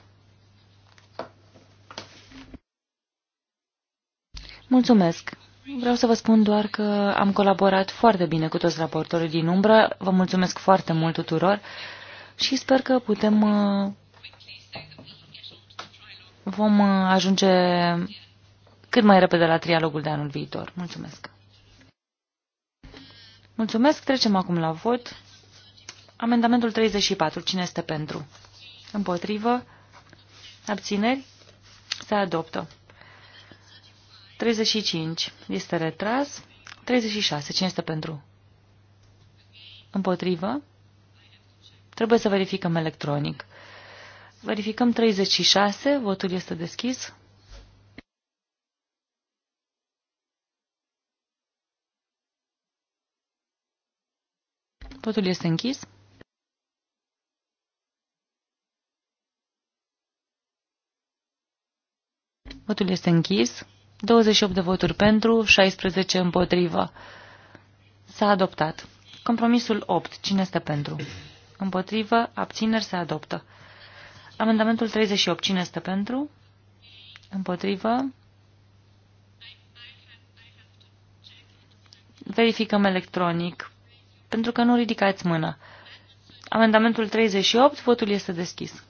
Mulțumesc. Vreau să vă spun doar că am colaborat foarte bine cu toți raportorii din umbră. Vă mulțumesc foarte mult tuturor și sper că putem uh, vom uh, ajunge cât mai repede la trialogul de anul viitor. Mulțumesc. Mulțumesc. Trecem acum la vot. Amendamentul 34. Cine este pentru? Împotrivă? Abțineri? Se adoptă. 35. Este retras. 36. Cine este pentru? Împotrivă? Trebuie să verificăm electronic. Verificăm 36. Votul este deschis. Votul este închis. Votul este închis. 28 de voturi pentru, 16 împotrivă. S-a adoptat. Compromisul 8. Cine este pentru? Împotrivă, abțineri, se adoptă. Amendamentul 38. Cine este pentru? Împotrivă. Verificăm electronic, pentru că nu ridicați mâna. Amendamentul 38, votul este deschis.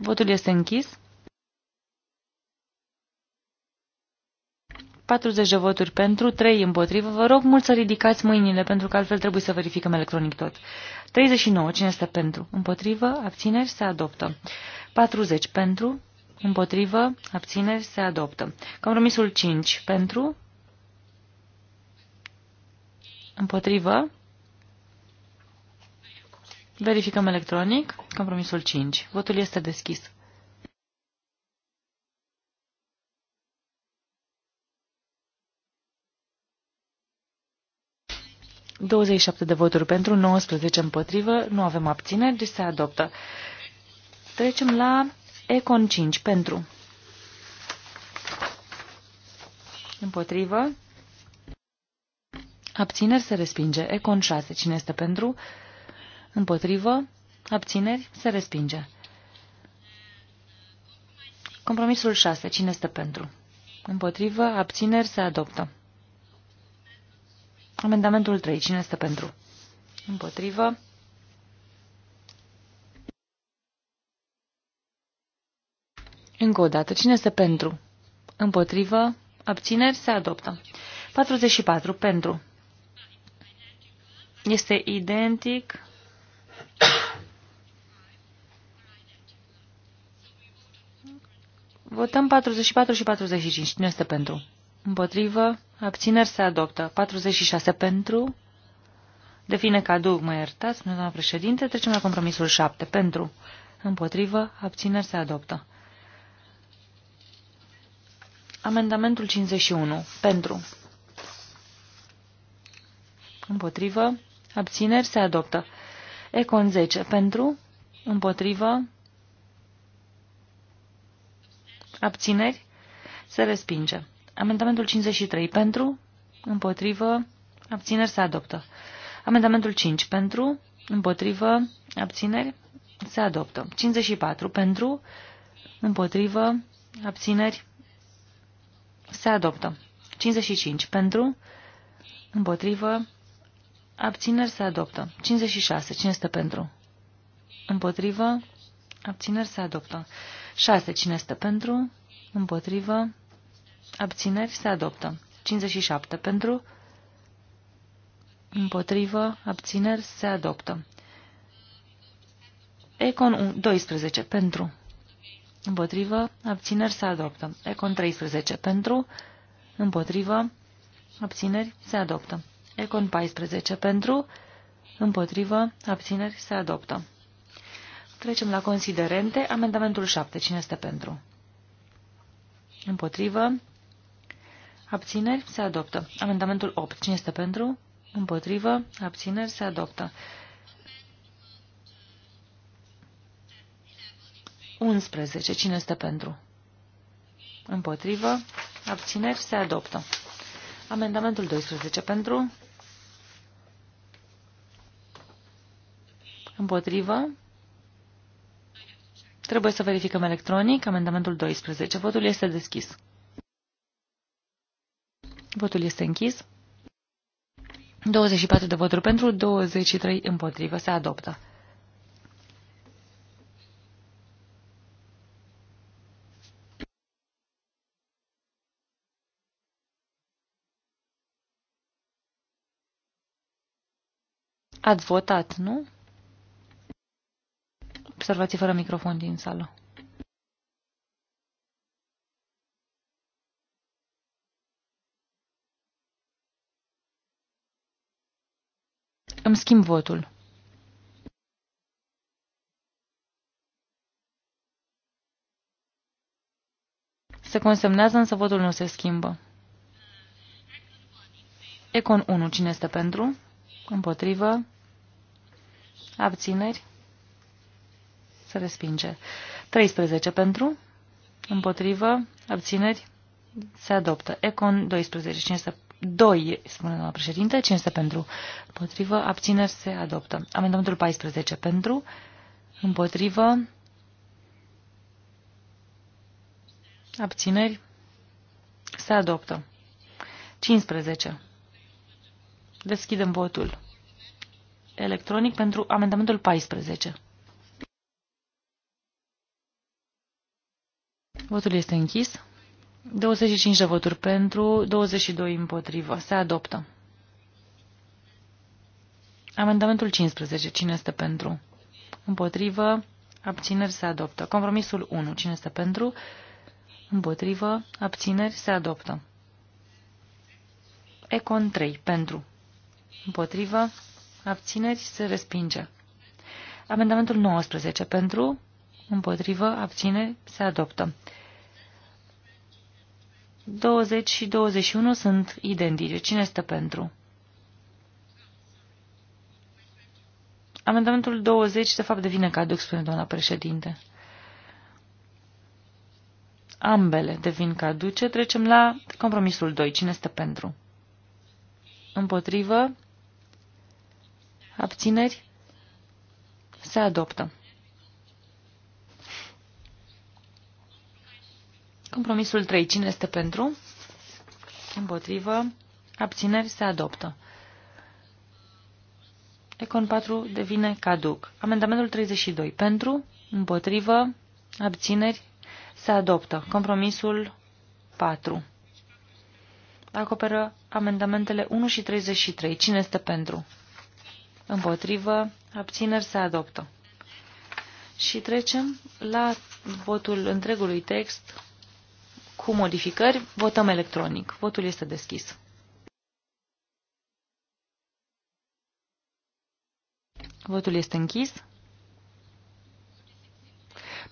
Votul este închis. 40 de voturi pentru, 3 împotrivă. Vă rog mult să ridicați mâinile, pentru că altfel trebuie să verificăm electronic tot. 39. Cine este pentru? Împotrivă, abțineri, se adoptă. 40 pentru, împotrivă, abțineri, se adoptă. Compromisul 5 pentru, împotrivă, Verificăm electronic. Compromisul 5. Votul este deschis. Douăzeci șapte de voturi pentru, 19 împotrivă, nu avem abțineri, deci se adoptă. Trecem la Econ 5 pentru. Împotrivă. Abțineri se respinge. Econ 6. Cine este pentru? Pentru. Împotrivă. Abțineri. Se respinge. Compromisul 6. Cine este pentru? Împotrivă. Abțineri. Se adoptă. Amendamentul 3. Cine este pentru? Împotrivă. Încă o dată. Cine este pentru? Împotrivă. Abțineri. Se adoptă. 44. Pentru. Este identic Votăm 44 și 45. Cine este pentru? Împotrivă. Abțineri se adoptă. 46 pentru. de Define caduc, mă iertați, doamna președinte. Trecem la compromisul 7. Pentru. Împotrivă. Abțineri se adoptă. Amendamentul 51. Pentru. Împotrivă. Abțineri se adoptă. Econ 10. Pentru. Împotrivă. Abțineri? Se respinge. Amendamentul 53 pentru, împotrivă, abțineri se adoptă. Amendamentul 5 pentru, împotrivă, abțineri se adoptă. 54 pentru, împotrivă, abțineri se adoptă. 55 pentru, împotrivă, abțineri se adoptă. 56, cine este pentru? Împotrivă, abțineri se adoptă. 6. Cine stă pentru? Împotrivă. Abțineri se adoptă. 57. Pentru? Împotrivă. Abțineri se adoptă. Econ 12. Pentru? Împotrivă. Abțineri se adoptă. Econ 13. Pentru? Împotrivă. Abțineri se adoptă. Econ 14. Pentru? Împotrivă. Abțineri se adoptă. Trecem la considerente. Amendamentul 7. Cine este pentru? Împotrivă. Abțineri. Se adoptă. Amendamentul 8. Cine este pentru? Împotrivă. Abțineri. Se adoptă. 11. Cine este pentru? Împotrivă. Abțineri. Se adoptă. Amendamentul 12. Pentru? Împotrivă. Trebuie să verificăm electronic amendamentul 12. Votul este deschis. Votul este închis. 24 de voturi pentru, 23 împotrivă. Se adoptă. Ați votat, nu? observații fără microfon din sală. Îmi schimb votul. Se consemnează, însă votul nu se schimbă. Econ 1. Cine este pentru? Împotrivă? Abțineri? se respinge. 13 pentru, împotrivă, abțineri, se adoptă. Econ 12, 500, 2, spune doamna președinte, 500 pentru, împotrivă, abțineri, se adoptă. Amendamentul 14 pentru, împotrivă, abțineri, se adoptă. 15. Deschidem votul electronic pentru amendamentul 14. Votul este închis. 25 de voturi pentru, 22 împotrivă. Se adoptă. Amendamentul 15. Cine este pentru? Împotrivă. Abțineri se adoptă. Compromisul 1. Cine este pentru? Împotrivă. Abțineri se adoptă. Econ 3. Pentru. Împotrivă. Abțineri se respinge. Amendamentul 19. Pentru. Împotrivă. Abțineri se adoptă. 20 și 21 sunt identice. Cine este pentru? Amendamentul 20, de fapt, devine caduc, spune doamna președinte. Ambele devin caduce. Trecem la compromisul 2. Cine este pentru? Împotrivă? Abțineri? Se adoptă. Compromisul 3. Cine este pentru? Împotrivă. Abțineri se adoptă. Econ 4 devine caduc. Amendamentul 32. Pentru, împotrivă, abțineri, se adoptă. Compromisul 4. Acoperă amendamentele 1 și 33. Cine este pentru? Împotrivă, abțineri, se adoptă. Și trecem la votul întregului text cu modificări, votăm electronic. Votul este deschis. Votul este închis.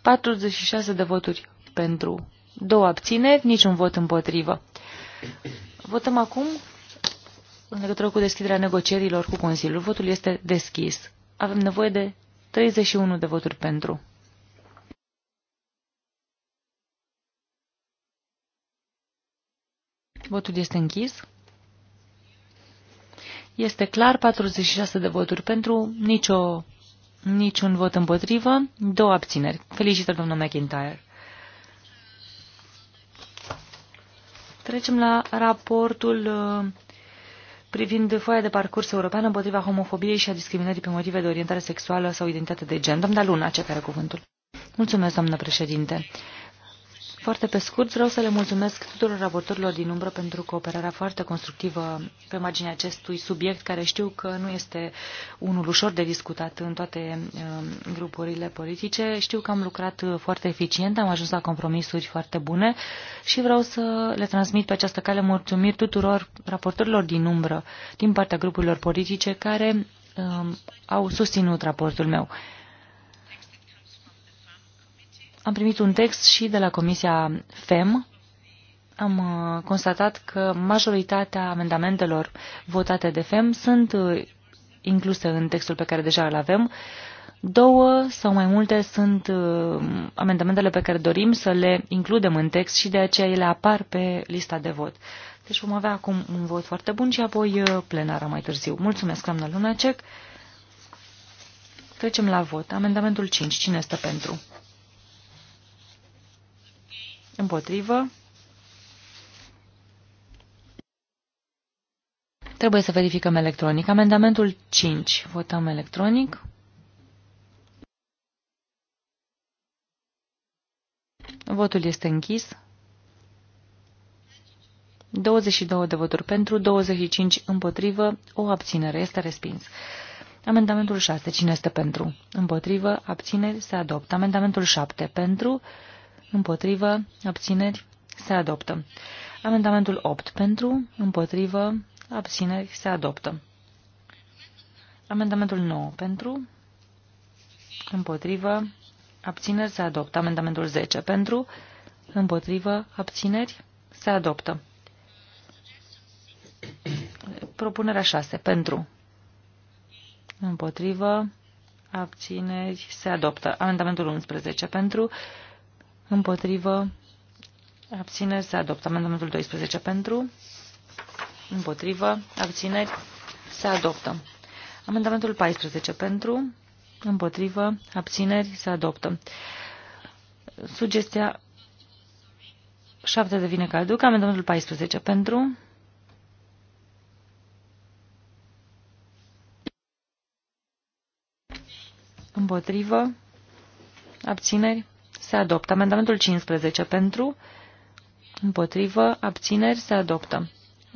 46 de voturi pentru, două abțineri, niciun vot împotrivă. Votăm acum în legătură cu deschiderea negocierilor cu Consiliul. Votul este deschis. Avem nevoie de 31 de voturi pentru. Votul este închis. Este clar, 46 de voturi pentru, nicio, niciun vot împotrivă, două abțineri. Felicitări, domnul McIntyre. Trecem la raportul uh, privind foaia de parcurs europeană împotriva homofobiei și a discriminării pe motive de orientare sexuală sau identitate de gen. Doamna Luna, ce care cuvântul. Mulțumesc, doamnă președinte. Foarte pe scurt, vreau să le mulțumesc tuturor raportorilor din umbră pentru cooperarea foarte constructivă pe marginea acestui subiect, care știu că nu este unul ușor de discutat în toate um, grupurile politice. Știu că am lucrat uh, foarte eficient, am ajuns la compromisuri foarte bune și vreau să le transmit pe această cale mulțumiri tuturor raportorilor din umbră din partea grupurilor politice care um, au susținut raportul meu. Am primit un text și de la Comisia FEM. Am uh, constatat că majoritatea amendamentelor votate de FEM sunt uh, incluse în textul pe care deja îl avem. Două sau mai multe sunt uh, amendamentele pe care dorim să le includem în text și de aceea ele apar pe lista de vot. Deci vom avea acum un vot foarte bun și apoi plenara mai târziu. Mulțumesc, doamna Lunacek. Trecem la vot. Amendamentul 5. Cine este pentru? Împotrivă. Trebuie să verificăm electronic. Amendamentul 5. Votăm electronic. Votul este închis. 22 de voturi pentru, 25 împotrivă, o abținere este respins. Amendamentul 6. Cine este pentru? Împotrivă, abțineri, se adoptă. Amendamentul 7. Pentru, împotrivă, abțineri, se adoptă. Amendamentul 8 pentru, împotrivă, abțineri, se adoptă. Amendamentul 9 pentru, împotrivă, abțineri, se adoptă. Amendamentul 10 pentru, împotrivă, abțineri, se adoptă. Propunerea 6 pentru, împotrivă, abțineri, se adoptă. Amendamentul 11 pentru, împotrivă, abțineri, se adoptă. Amendamentul 12 pentru, împotrivă, abțineri, se adoptă. Amendamentul 14 pentru, împotrivă, abțineri, se adoptă. Sugestia 7 devine caduc. Amendamentul 14 pentru, împotrivă, abțineri, se adoptă. Amendamentul 15 pentru, împotrivă, abțineri, se adoptă.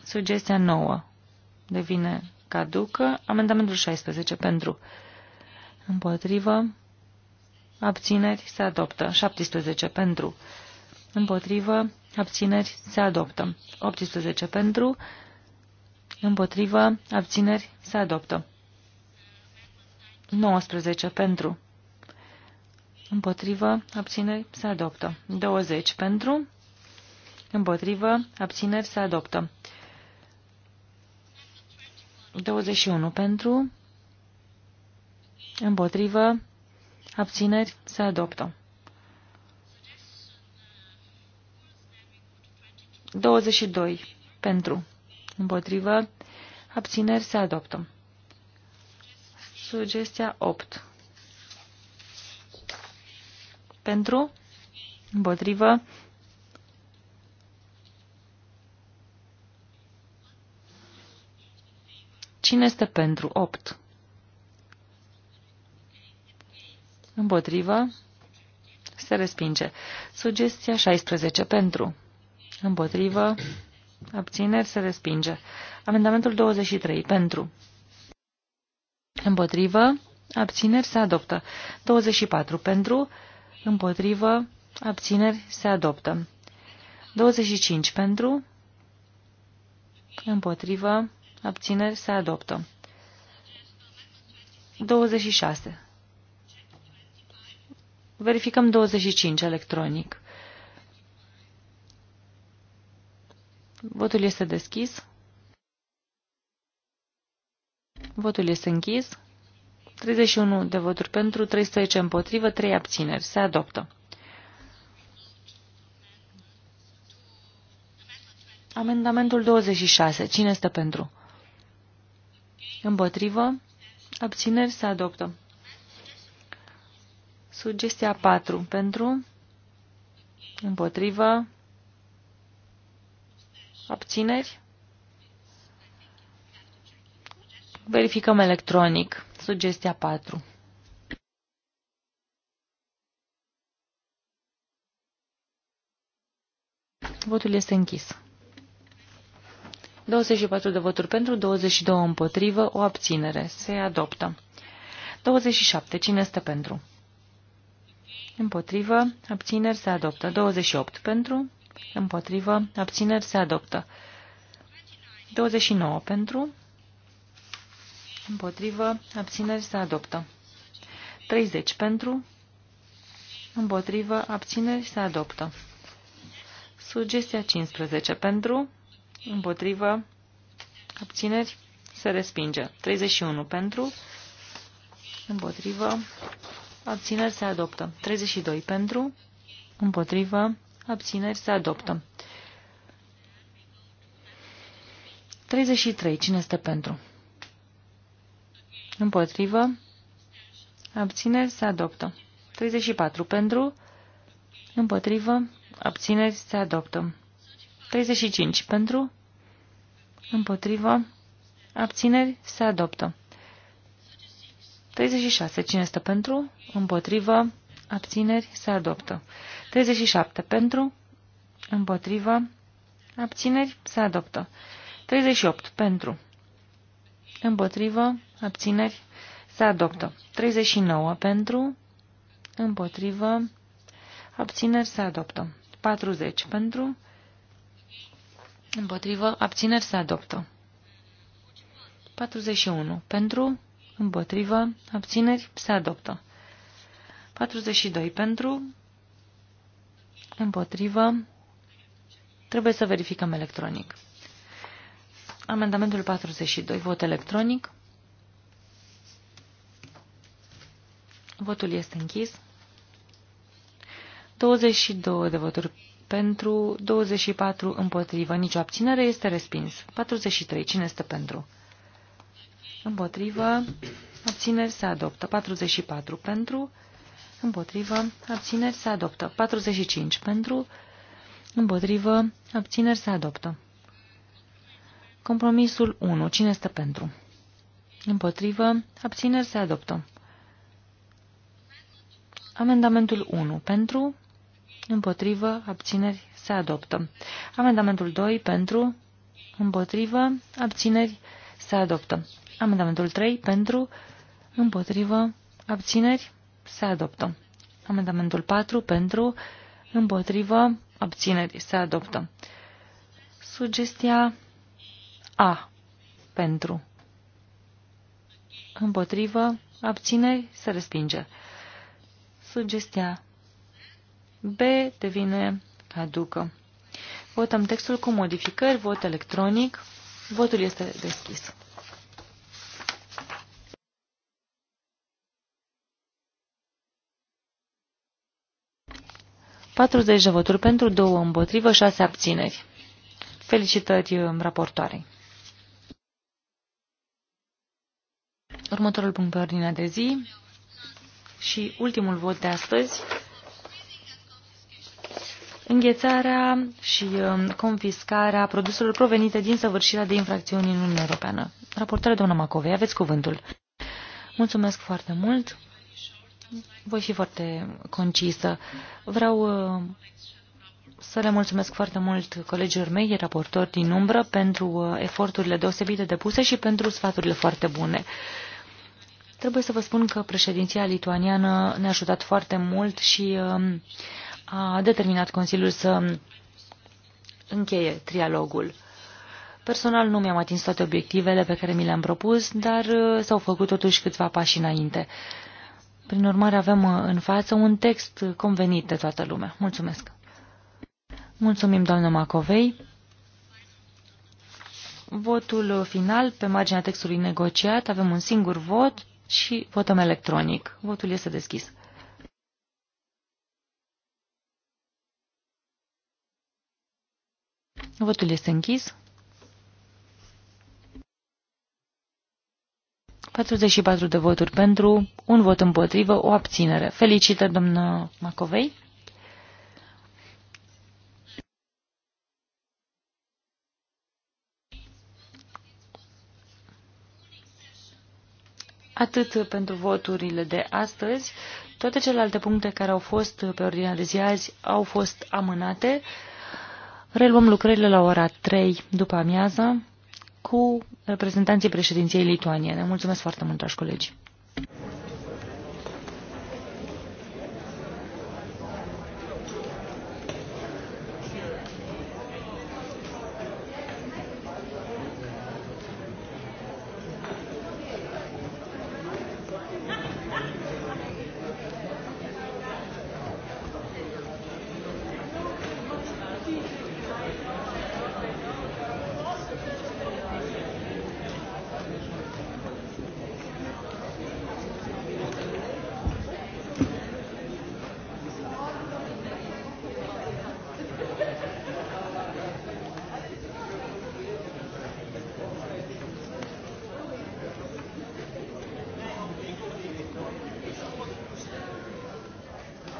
Sugestia 9 devine caducă. Amendamentul 16 pentru, împotrivă, abțineri, se adoptă. 17 pentru, împotrivă, abțineri, se adoptă. 18 pentru, împotrivă, abțineri, se adoptă. 19 pentru, împotrivă, abțineri, se adoptă. 20 pentru, împotrivă, abțineri, se adoptă. 21 pentru, împotrivă, abțineri, se adoptă. 22 pentru, împotrivă, abțineri, se adoptă. Sugestia 8 pentru, împotrivă, Cine este pentru 8? Împotrivă. Se respinge. Sugestia 16. Pentru. Împotrivă. Abțineri. Se respinge. Amendamentul 23. Pentru. Împotrivă. Abțineri. Se adoptă. 24. Pentru împotrivă, abțineri, se adoptă. 25 pentru, împotrivă, abțineri, se adoptă. 26. Verificăm 25 electronic. Votul este deschis. Votul este închis. 31 de voturi pentru, 310 împotrivă, 3 abțineri. Se adoptă. Amendamentul 26. Cine este pentru? Împotrivă. Abțineri se adoptă. Sugestia 4. Pentru. Împotrivă. Abțineri. Verificăm electronic. Sugestia 4. Votul este închis. 24 de voturi pentru, 22 împotrivă, o abținere. Se adoptă. 27. Cine este pentru? Împotrivă, abțineri se adoptă. 28. Pentru, împotrivă, abțineri se adoptă. 29. Pentru, împotrivă, abțineri se adoptă. 30 pentru, împotrivă, abțineri se adoptă. Sugestia 15 pentru, împotrivă, abțineri se respinge. 31 pentru, împotrivă, abțineri se adoptă. 32 pentru, împotrivă, abțineri se adoptă. 33. Cine este pentru? Împotrivă. Abțineri se adoptă. 34 pentru. Împotrivă. Abțineri se adoptă. 35 pentru. Împotrivă. Abțineri se adoptă. 36. Cine stă pentru? Împotrivă. Abțineri se adoptă. 37. Pentru? Împotrivă. Abțineri se adoptă. 38. Pentru împotrivă, abțineri, se adoptă. 39 pentru, împotrivă, abțineri, se adoptă. 40 pentru, împotrivă, abțineri, se adoptă. 41 pentru, împotrivă, abțineri, se adoptă. 42 pentru, împotrivă, trebuie să verificăm electronic. Amendamentul 42, vot electronic. Votul este închis. 22 de voturi pentru, 24 împotrivă, nicio abținere, este respins. 43, cine este pentru? Împotrivă, abțineri se adoptă. 44 pentru, împotrivă, abțineri se adoptă. 45 pentru, împotrivă, abțineri se adoptă. Compromisul 1. Cine este pentru? Împotrivă. Abțineri se adoptă. Amendamentul 1. Pentru. Împotrivă. Abțineri se adoptă. Amendamentul 2. Pentru. Împotrivă. Abțineri se adoptă. Amendamentul 3. Pentru. Împotrivă. Abțineri se adoptă. Amendamentul 4. Pentru. Împotrivă. Abțineri se adoptă. Sugestia a. Pentru. Împotrivă. Abțineri. Se respinge. Sugestia. B devine aducă. Votăm textul cu modificări. Vot electronic. Votul este deschis. Patruzeci de voturi pentru, două împotrivă, șase abțineri. Felicitări raportoarei. Următorul punct pe ordinea de zi și ultimul vot de astăzi, înghețarea și um, confiscarea produselor provenite din săvârșirea de infracțiuni în Uniunea Europeană. Raportarea doamna Macovei, aveți cuvântul. Mulțumesc foarte mult. Voi fi foarte concisă. Vreau uh, să le mulțumesc foarte mult colegilor mei, raportori din umbră, pentru uh, eforturile deosebite depuse și pentru sfaturile foarte bune. Trebuie să vă spun că președinția lituaniană ne-a ajutat foarte mult și um, a determinat Consiliul să încheie trialogul. Personal nu mi-am atins toate obiectivele pe care mi le-am propus, dar uh, s-au făcut totuși câțiva pași înainte. Prin urmare, avem uh, în față un text convenit de toată lumea. Mulțumesc! Mulțumim, doamnă Macovei! Votul final pe marginea textului negociat. Avem un singur vot și votăm electronic. Votul este deschis. Votul este închis. 44 de voturi pentru, un vot împotrivă, o abținere. Felicitări, domnă Macovei. Atât pentru voturile de astăzi, toate celelalte puncte care au fost pe ordinea de zi azi au fost amânate. Reluăm lucrările la ora 3 după amiază cu reprezentanții președinției lituaniene. Mulțumesc foarte mult, dragi colegi!